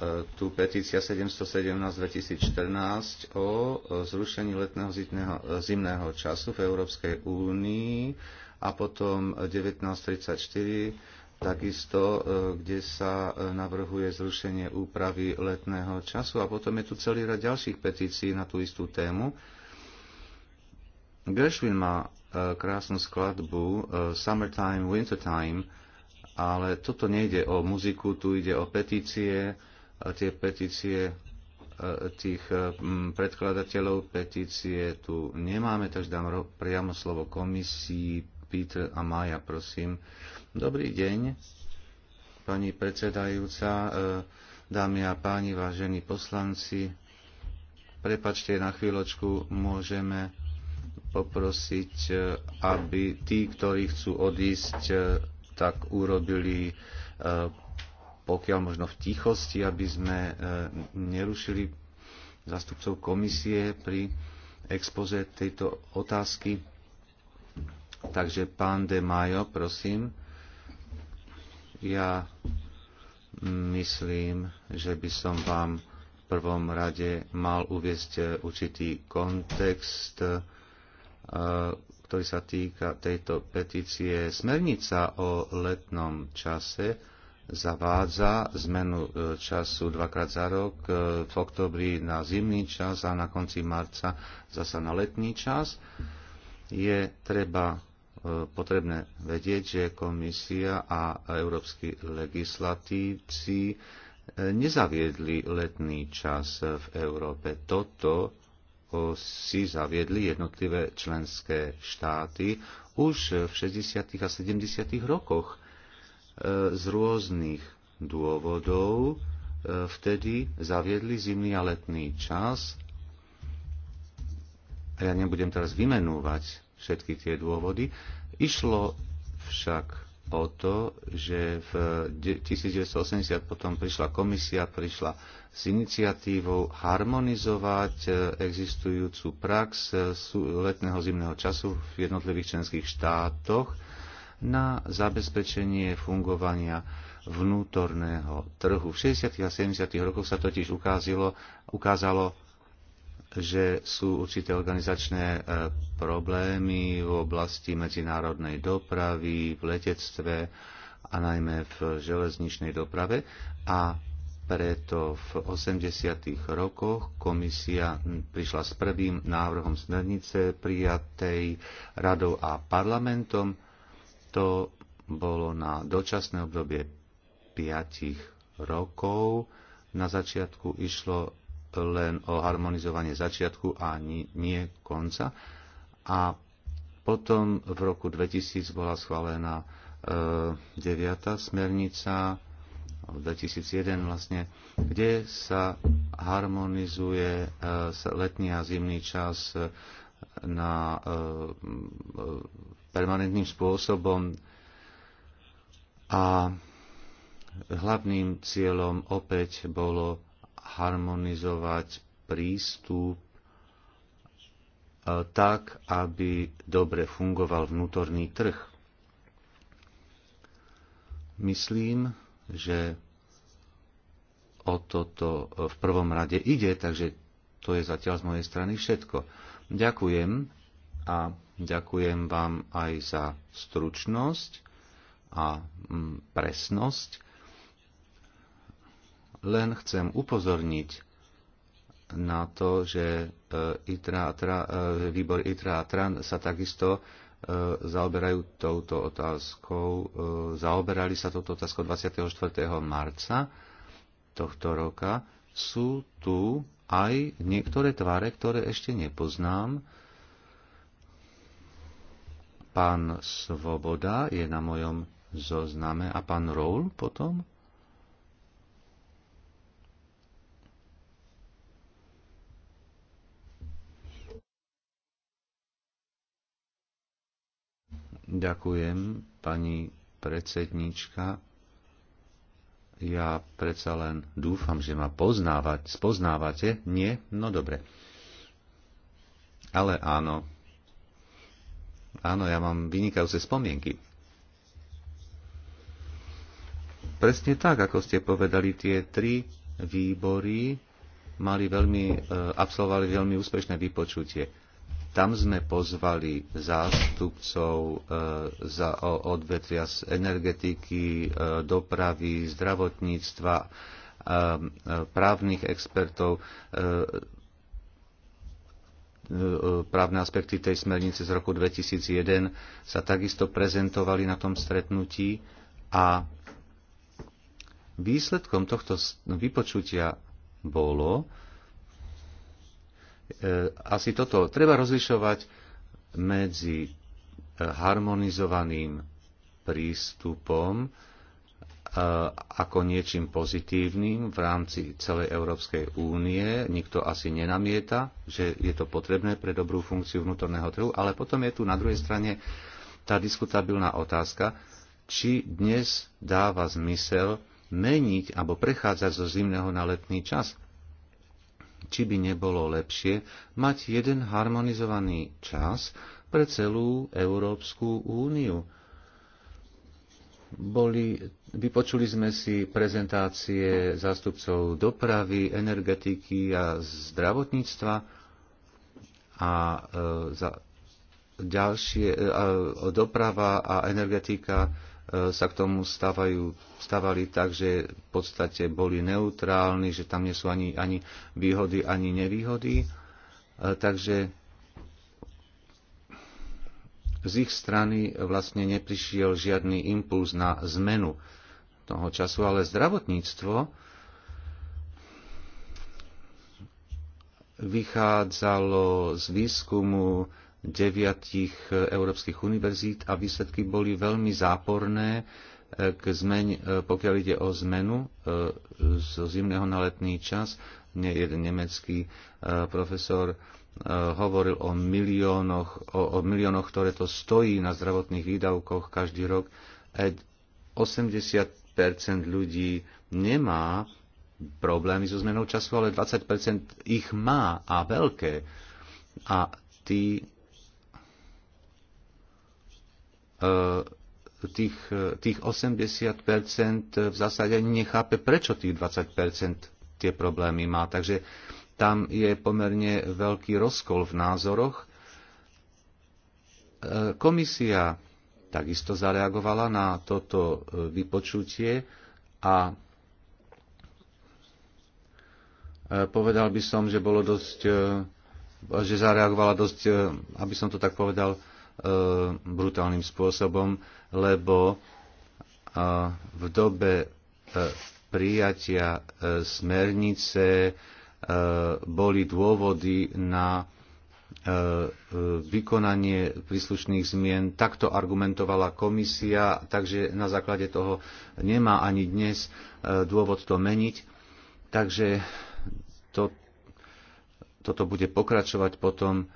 E, tu petícia 717-2014 o e, zrušení letného zimného, e, zimného času v Európskej únii a potom 1934 takisto, kde sa navrhuje zrušenie úpravy letného času a potom je tu celý rad ďalších petícií na tú istú tému. Gershwin má krásnu skladbu Summertime, Wintertime, ale toto nejde o muziku, tu ide o petície, tie petície e, tých e, predkladateľov petície tu nemáme, takže dám priamo slovo komisii. Peter a Maja, prosím. Dobrý deň, pani predsedajúca, e, dámy a páni, vážení poslanci. Prepačte na chvíľočku, môžeme poprosiť, aby tí, ktorí chcú odísť, tak urobili pokiaľ možno v tichosti, aby sme e, nerušili zastupcov komisie pri expoze tejto otázky. Takže pán De Majo, prosím. Ja myslím, že by som vám v prvom rade mal uviezť e, určitý kontext, e, ktorý sa týka tejto petície. Smernica o letnom čase zavádza zmenu e, času dvakrát za rok, e, v oktobri na zimný čas a na konci marca zasa na letný čas. Je treba e, potrebné vedieť, že komisia a európsky legislatívci nezaviedli letný čas v Európe. Toto si zaviedli jednotlivé členské štáty už v 60. a 70. rokoch E, z rôznych dôvodov e, vtedy zaviedli zimný a letný čas. A ja nebudem teraz vymenúvať všetky tie dôvody. Išlo však o to, že v 1980 potom prišla komisia, prišla s iniciatívou harmonizovať e, existujúcu prax letného zimného času v jednotlivých členských štátoch na zabezpečenie fungovania vnútorného trhu. V 60. a 70. rokoch sa totiž ukázalo, ukázalo že sú určité organizačné e, problémy v oblasti medzinárodnej dopravy, v letectve a najmä v železničnej doprave a preto v 80. rokoch komisia prišla s prvým návrhom smernice prijatej radou a parlamentom to bolo na dočasné obdobie 5 rokov. Na začiatku išlo len o harmonizovanie začiatku a nie konca. A potom v roku 2000 bola schválená 9. E, smernica, 2001 vlastne, kde sa harmonizuje e, letný a zimný čas na e, permanentným spôsobom a hlavným cieľom opäť bolo harmonizovať prístup e, tak, aby dobre fungoval vnútorný trh. Myslím, že o toto v prvom rade ide, takže to je zatiaľ z mojej strany všetko. Ďakujem a Ďakujem vám aj za stručnosť a mm, presnosť. Len chcem upozorniť na to, že e, ITRA, tra, e, výbor ITRA a TRAN sa takisto e, zaoberajú touto otázkou. Zaoberali sa touto otázkou 24. marca tohto roka. Sú tu aj niektoré tváre, ktoré ešte nepoznám, Pán Svoboda je na mojom zozname a pán Roul potom? Ďakujem, pani predsedníčka. Ja predsa len dúfam, že ma poznávať, spoznávate. Nie? No dobre. Ale áno, Áno, ja mám vynikajúce spomienky. Presne tak, ako ste povedali, tie tri výbory mali veľmi, e, absolvovali veľmi úspešné vypočutie. Tam sme pozvali zástupcov e, za odvetvia z energetiky, e, dopravy, zdravotníctva, právnych expertov, E, právne aspekty tej smernice z roku 2001 sa takisto prezentovali na tom stretnutí a výsledkom tohto vypočutia bolo e, asi toto. Treba rozlišovať medzi harmonizovaným prístupom, Eh, ako niečím pozitívnym v rámci celej Európskej únie. Nikto asi nenamieta, že je to potrebné pre dobrú funkciu vnútorného trhu, ale potom je tu na druhej strane tá diskutabilná otázka, či dnes dáva zmysel meniť alebo prechádzať zo zimného na letný čas. Či by nebolo lepšie mať jeden harmonizovaný čas pre celú Európsku úniu. Boli Vypočuli sme si prezentácie zástupcov dopravy, energetiky a zdravotníctva a e, za ďalšie, e, doprava a energetika e, sa k tomu stávajú, stavali tak, že v podstate boli neutrálni, že tam nie sú ani, ani výhody, ani nevýhody. Takže z ich strany vlastne neprišiel žiadny impuls na zmenu toho času, ale zdravotníctvo vychádzalo z výskumu deviatich európskych univerzít a výsledky boli veľmi záporné, e, k zmeň, e, pokiaľ ide o zmenu e, zo zimného na letný čas. Jeden nemecký profesor hovoril o miliónoch, o, o miliónoch, ktoré to stojí na zdravotných výdavkoch každý rok. 80 ľudí nemá problémy so zmenou času, ale 20% ich má a veľké. A tí, e, tých, tých 80% v zásade nechápe, prečo tých 20% tie problémy má. Takže tam je pomerne veľký rozkol v názoroch. E, komisia takisto zareagovala na toto e, vypočutie a e, povedal by som, že bolo dosť, e, že zareagovala dosť, aby som to tak povedal, brutálnym spôsobom, lebo v dobe prijatia smernice boli dôvody na E, e, vykonanie príslušných zmien. Takto argumentovala komisia, takže na základe toho nemá ani dnes e, dôvod to meniť. Takže to, toto bude pokračovať potom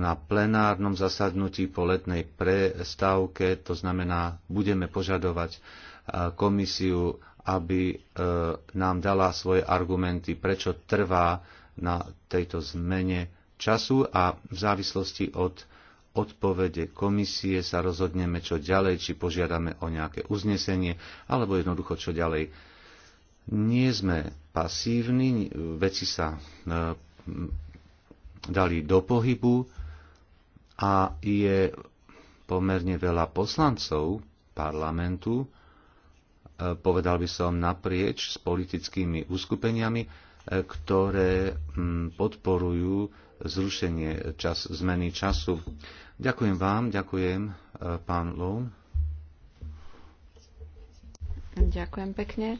na plenárnom zasadnutí po letnej prestávke. To znamená, budeme požadovať komisiu, aby nám dala svoje argumenty, prečo trvá na tejto zmene času a v závislosti od odpovede komisie sa rozhodneme, čo ďalej, či požiadame o nejaké uznesenie, alebo jednoducho čo ďalej. Nie sme pasívni, veci sa e, dali do pohybu a je pomerne veľa poslancov parlamentu, e, povedal by som naprieč s politickými uskupeniami, e, ktoré podporujú zrušenie čas, zmeny času. Ďakujem vám, ďakujem e, pán Lou.
Ďakujem pekne.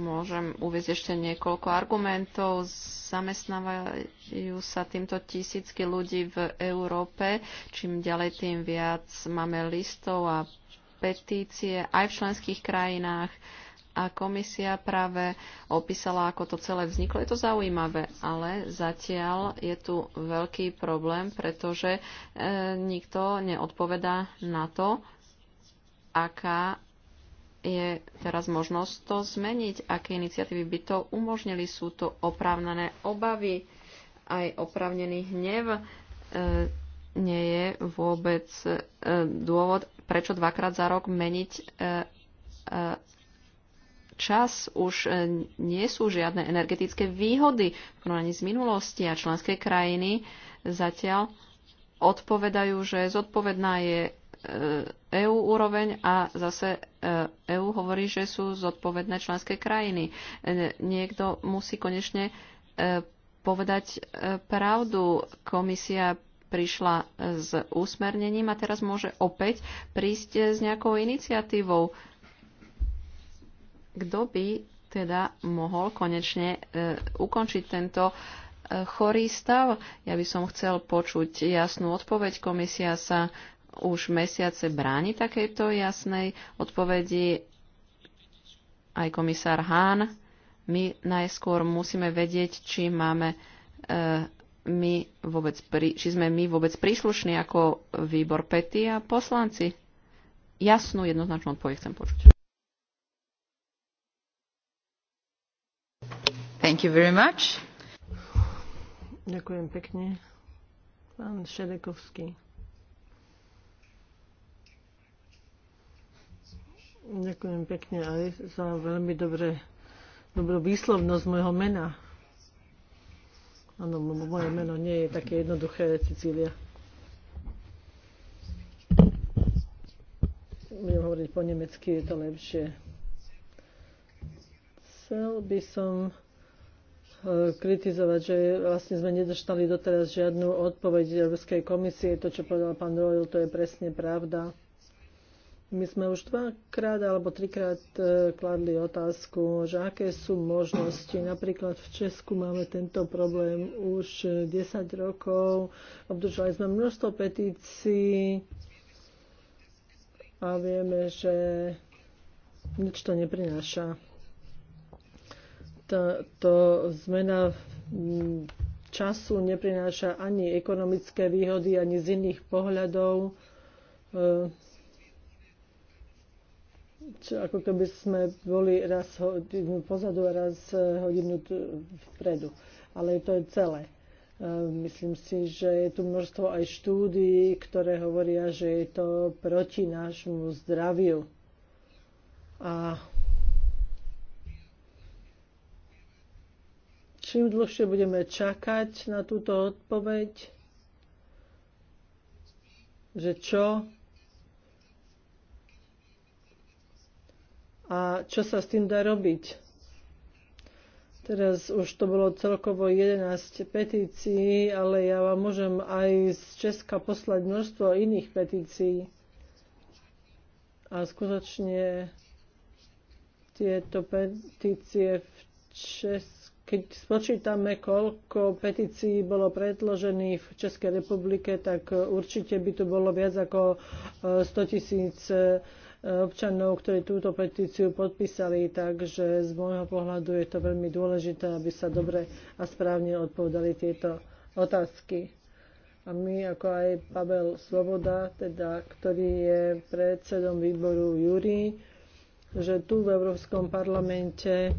Môžem uvieť ešte niekoľko argumentov. Zamestnávajú sa týmto tisícky ľudí v Európe. Čím ďalej, tým viac máme listov a petície aj v členských krajinách a komisia práve opísala, ako to celé vzniklo. Je to zaujímavé, ale zatiaľ je tu veľký problém, pretože e, nikto neodpovedá na to, aká je teraz možnosť to zmeniť, aké iniciatívy by to umožnili. Sú to oprávnené obavy, aj oprávnený hnev. E, nie je vôbec e, dôvod, prečo dvakrát za rok meniť e, e čas už e, nie sú žiadne energetické výhody v porovnaní z minulosti a členské krajiny zatiaľ odpovedajú, že zodpovedná je EU e úroveň a zase EU e hovorí, že sú zodpovedné členské krajiny. Niekto musí konečne povedať pravdu. Komisia prišla s úsmernením a teraz môže opäť prísť s nejakou iniciatívou kto by teda mohol konečne uh, ukončiť tento uh, chorý stav? Ja by som chcel počuť jasnú odpoveď. Komisia sa už mesiace bráni takejto jasnej odpovedi. Aj komisár Hahn. My najskôr musíme vedieť, či máme uh, my vôbec pri, či sme my vôbec príslušní ako výbor PETI a poslanci. Jasnú jednoznačnú odpoveď chcem počuť. Thank
Šedekovský. Ďakujem pekne aj za veľmi dobré, dobrú výslovnosť môjho mena. Áno, moje meno nie je také jednoduché, Cecília. Budem hovoriť po nemecky, je to lepšie. Chcel by som Eh, kritizovať, že vlastne sme nedostali doteraz žiadnu odpoveď Európskej komisie. To, čo povedal pán Royal, to je presne pravda. My sme už dvakrát alebo trikrát eh, kladli otázku, že aké sú možnosti. Napríklad v Česku máme tento problém už 10 rokov. Obdržali sme množstvo petícií a vieme, že nič to neprináša. To zmena času neprináša ani ekonomické výhody, ani z iných pohľadov. E, čo ako keby sme boli raz hodinu pozadu a raz e, hodinu vpredu. Ale to je celé. E, myslím si, že je tu množstvo aj štúdií, ktoré hovoria, že je to proti nášmu zdraviu. A čím dlhšie budeme čakať na túto odpoveď, že čo a čo sa s tým dá robiť. Teraz už to bolo celkovo 11 petícií, ale ja vám môžem aj z Česka poslať množstvo iných petícií. A skutočne tieto petície v Česku keď spočítame, koľko petícií bolo predložených v Českej republike, tak určite by tu bolo viac ako 100 e, tisíc e, občanov, ktorí túto petíciu podpísali, takže z môjho pohľadu je to veľmi dôležité, aby sa dobre a správne odpovedali tieto otázky. A my, ako aj Pavel Svoboda, teda, ktorý je predsedom výboru Júri, že tu v Európskom parlamente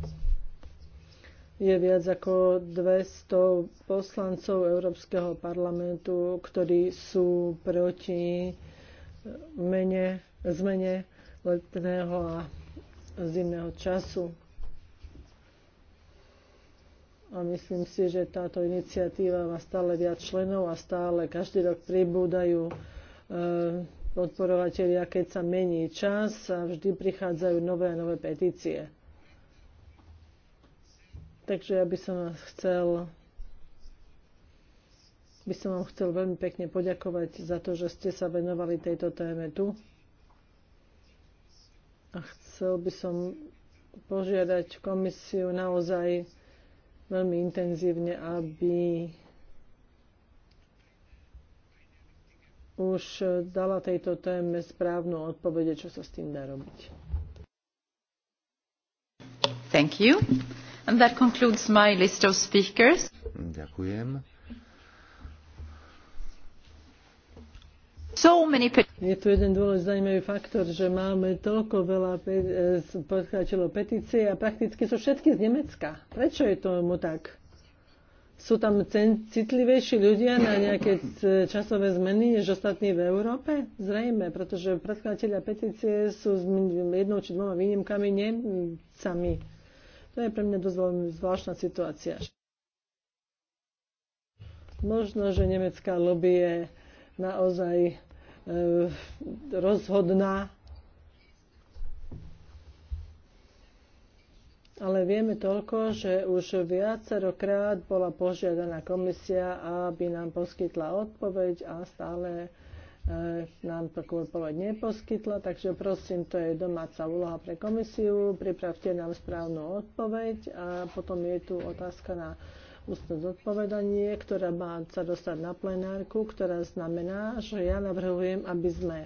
je viac ako 200 poslancov Európskeho parlamentu, ktorí sú proti mene, zmene letného a zimného času. A myslím si, že táto iniciatíva má stále viac členov a stále každý rok pribúdajú e, podporovateľia, keď sa mení čas a vždy prichádzajú nové a nové petície. Takže ja by som vás chcel by som vám chcel veľmi pekne poďakovať za to, že ste sa venovali tejto téme tu. A chcel by som požiadať komisiu naozaj veľmi intenzívne, aby už dala tejto téme správnu odpovede, čo sa s tým dá robiť.
Thank you.
And that concludes my
list of speakers.
Ďakujem.
So many... Je tu jeden dôležitý zaujímavý faktor, že máme toľko veľa pe- eh, petície a prakticky sú všetky z Nemecka. Prečo je tomu tak? Sú tam citlivejší ľudia na nejaké eh, časové zmeny než ostatní v Európe? Zrejme, pretože predkladateľia petície sú s jednou či dvoma výnimkami Nemcami. To je pre mňa dosť veľmi zvláštna situácia. Možno, že nemecká lobby je naozaj e, rozhodná, ale vieme toľko, že už viacerokrát bola požiadaná komisia, aby nám poskytla odpoveď a stále Eh, nám prokurátor neposkytla, takže prosím, to je domáca úloha pre komisiu, pripravte nám správnu odpoveď a potom je tu otázka na ústne zodpovedanie, ktorá má sa dostať na plenárku, ktorá znamená, že ja navrhujem, aby sme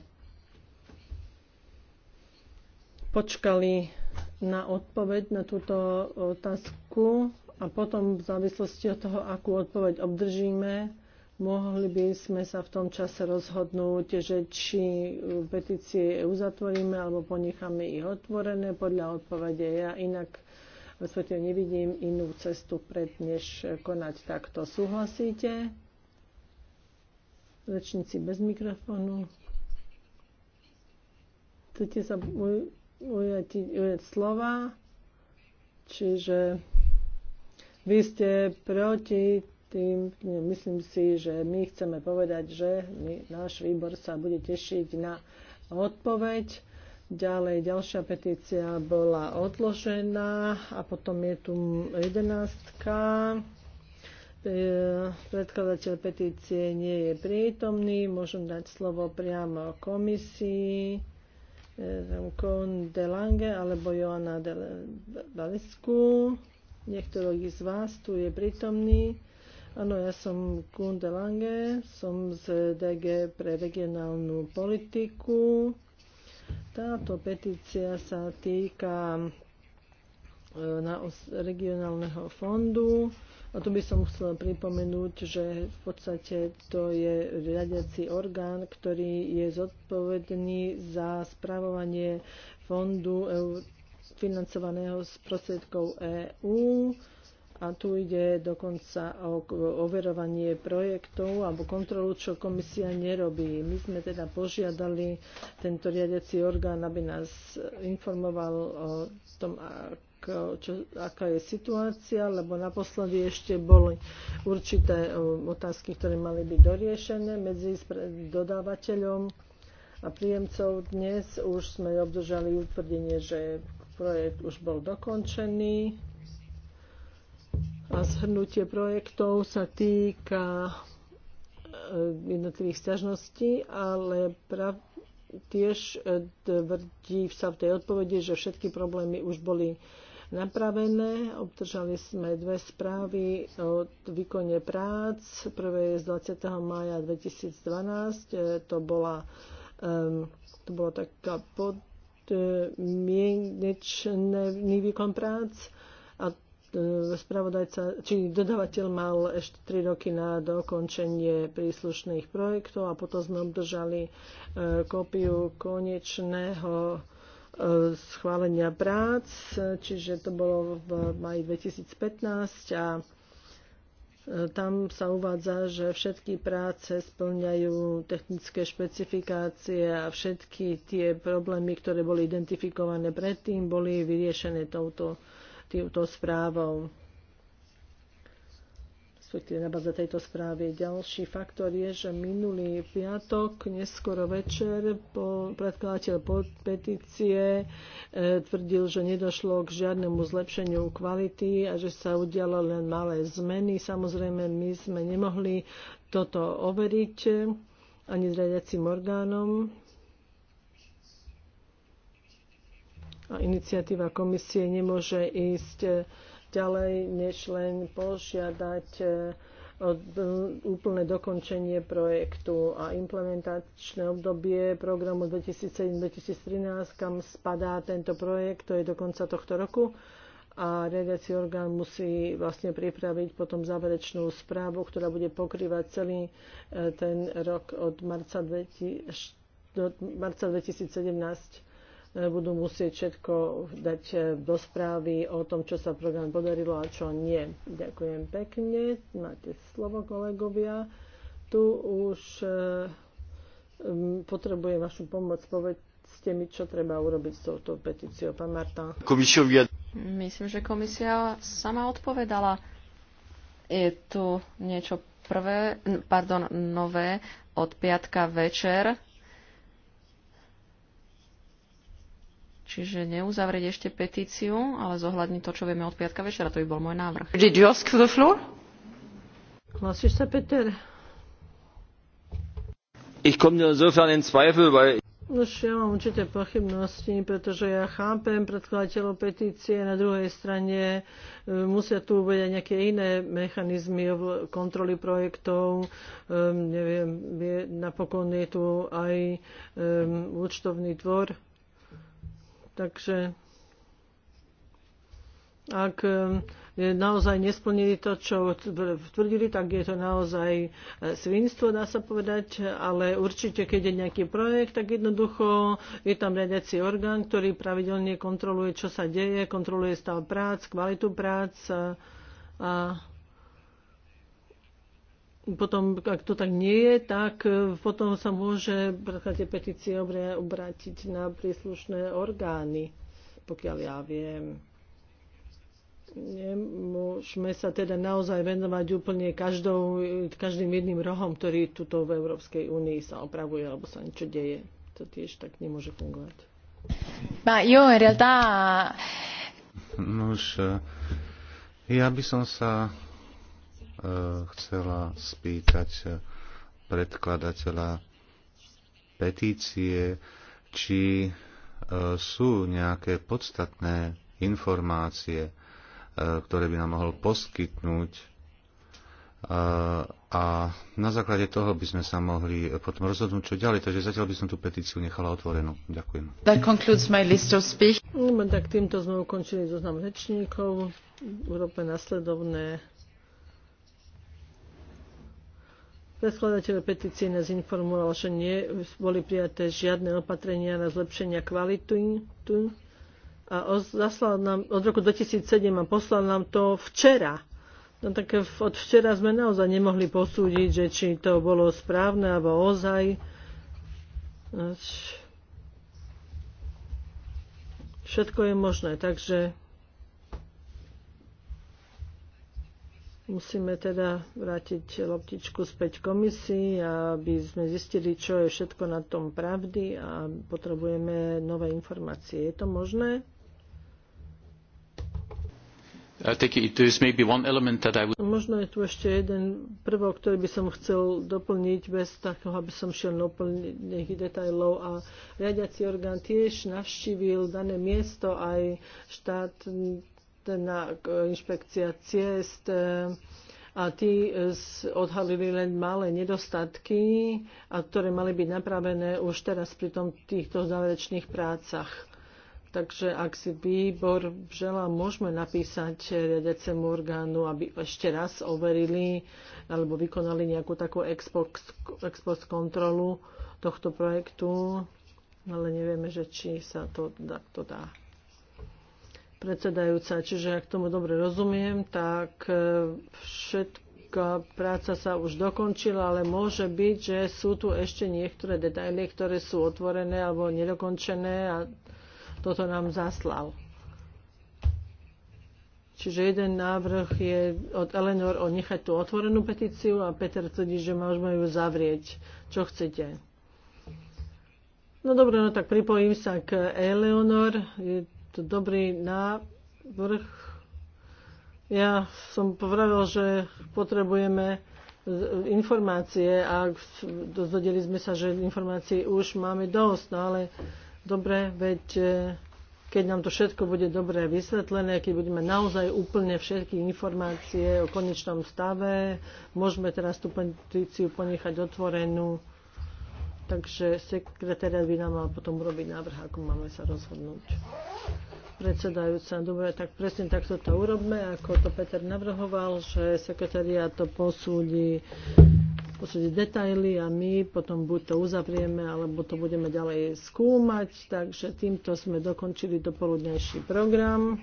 počkali na odpoveď na túto otázku a potom v závislosti od toho, akú odpoveď obdržíme, Mohli by sme sa v tom čase rozhodnúť, že či petície uzatvoríme alebo ponecháme ich otvorené podľa odpovede. Ja inak v svete nevidím inú cestu pred, než konať takto. Súhlasíte? Rečníci bez mikrofónu. Chcete sa ujať, ujať slova? Čiže vy ste proti tým myslím si, že my chceme povedať, že my, náš výbor sa bude tešiť na odpoveď. Ďalej ďalšia petícia bola odložená a potom je tu jedenáctka. E, predkladateľ petície nie je prítomný. Môžem dať slovo priamo komisii. E, Kon de Lange alebo Joana de Balesku. Niektorý z vás tu je prítomný. Áno, ja som Kunde Lange, som z DG pre regionálnu politiku. Táto petícia sa týka e, na regionálneho fondu. A tu by som chcela pripomenúť, že v podstate to je riadiaci orgán, ktorý je zodpovedný za správovanie fondu e, financovaného z prostriedkov EÚ. EU a tu ide dokonca o overovanie projektov alebo kontrolu, čo komisia nerobí. My sme teda požiadali tento riadiaci orgán, aby nás informoval o tom, čo, aká je situácia, lebo naposledy ešte boli určité otázky, ktoré mali byť doriešené medzi dodávateľom a príjemcov. Dnes už sme obdržali utvrdenie, že projekt už bol dokončený a zhrnutie projektov sa týka e, jednotlivých stiažností, ale prav, tiež e, tvrdí sa v tej odpovedi, že všetky problémy už boli napravené. Obdržali sme dve správy o výkone prác. Prvé je z 20. maja 2012. To, bola, um, to bola taká podmienečný výkon prác E, spravodajca, či dodávateľ mal ešte 3 roky na dokončenie príslušných projektov a potom sme obdržali e, kópiu konečného e, schválenia prác, čiže to bolo v maji 2015 a tam sa uvádza, že všetky práce splňajú technické špecifikácie a všetky tie problémy, ktoré boli identifikované predtým, boli vyriešené touto týmto správou respektíve na baze tejto správy. Ďalší faktor je, že minulý piatok, neskoro večer, po, predkladateľ pod petície e, tvrdil, že nedošlo k žiadnemu zlepšeniu kvality a že sa udialo len malé zmeny. Samozrejme, my sme nemohli toto overiť ani s riadiacim orgánom a iniciatíva komisie nemôže ísť e, ďalej, než len požiadať e, o e, úplné dokončenie projektu a implementačné obdobie programu 2007-2013, kam spadá tento projekt, to je do konca tohto roku a riadiaci orgán musí vlastne pripraviť potom záverečnú správu, ktorá bude pokrývať celý ten rok od marca, 20, od marca 2017 budú musieť všetko dať eh, do správy o tom, čo sa program podarilo a čo nie. Ďakujem pekne. Máte slovo, kolegovia. Tu už eh, potrebujem vašu pomoc. Povedzte mi, čo treba urobiť s touto petíciou. Pán
Marta.
Myslím, že komisia sama odpovedala. Je tu niečo prvé, pardon, nové od piatka večer Čiže neuzavrieť ešte petíciu, ale zohľadniť to, čo vieme od piatka večera. To by bol môj návrh. Did you ask
for the floor? Hlasíš sa, Peter? Ich komme nur insofern in Zweifel, weil Nož ja mám určité pochybnosti, pretože ja chápem predkladateľov petície, na druhej strane e, musia tu uvedať nejaké iné mechanizmy kontroly projektov. Um, neviem, napokon je tu aj um, účtovný dvor, Takže ak e, naozaj nesplnili to, čo tvrdili, tak je to naozaj e, svinstvo, dá sa povedať, ale určite, keď je nejaký projekt, tak jednoducho je tam riadiaci orgán, ktorý pravidelne kontroluje, čo sa deje, kontroluje stav prác, kvalitu prác a, a potom, ak to tak nie je, tak e, potom sa môže predklade petície obrátiť na príslušné orgány, pokiaľ ja viem. Nemôžeme sa teda naozaj venovať úplne každou, každým jedným rohom, ktorý tuto v Európskej únii sa opravuje alebo sa niečo deje. To tiež tak nemôže fungovať. Ma jo,
realtá...
Nož, e, ja by som sa chcela spýtať predkladateľa petície, či e, sú nejaké podstatné informácie, e, ktoré by nám mohol poskytnúť e, a na základe toho by sme sa mohli potom rozhodnúť, čo ďalej. Takže zatiaľ by som tú petíciu nechala otvorenú. Ďakujem. That
concludes my list of speech. No, tak týmto sme ukončili zoznam rečníkov. Urobme nasledovné Predkladateľ petície nás informoval, že nie boli prijaté žiadne opatrenia na zlepšenia kvality a zaslal nám od roku 2007 a poslal nám to včera. No tak od včera sme naozaj nemohli posúdiť, že či to bolo správne alebo ozaj. Všetko je možné, takže Musíme teda vrátiť loptičku späť komisii, aby sme zistili, čo je všetko na tom pravdy a potrebujeme nové informácie. Je to možné? Možno je tu ešte jeden prvok, ktorý by som chcel doplniť bez takého, aby som šiel doplniť detajlov. A riadiaci orgán tiež navštívil dané miesto aj štát na inšpekcia ciest e, a tí e, odhalili len malé nedostatky, a ktoré mali byť napravené už teraz pri tom, týchto záverečných prácach. Takže ak si výbor želá, môžeme napísať riadiacemu orgánu, aby ešte raz overili alebo vykonali nejakú takú ex kontrolu tohto projektu, ale nevieme, že či sa to takto dá predsedajúca. Čiže ak tomu dobre rozumiem, tak e, všetká práca sa už dokončila, ale môže byť, že sú tu ešte niektoré detaily, ktoré sú otvorené alebo nedokončené a toto nám zaslal. Čiže jeden návrh je od Eleanor o nechať tú otvorenú petíciu a Peter tvrdí, že môžeme ju zavrieť. Čo chcete? No dobre, no tak pripojím sa k Eleanor. Je to dobrý návrh. Ja som povedal, že potrebujeme informácie a dozvedeli sme sa, že informácií už máme dosť, no ale dobre, veď e, keď nám to všetko bude dobre vysvetlené, keď budeme naozaj úplne všetky informácie o konečnom stave, môžeme teraz tú petíciu ponechať otvorenú. Takže sekretariat by nám mal potom urobiť návrh, ako máme sa rozhodnúť predsedajúca. Dobre, tak presne takto to urobme, ako to Peter navrhoval, že sekretariát to posúdi, posúdi detaily a my potom buď to uzavrieme, alebo to budeme ďalej skúmať. Takže týmto sme dokončili dopoludnejší program.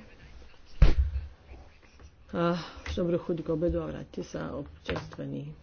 A dobrú chuť k obedu a vráťte sa občerstvení.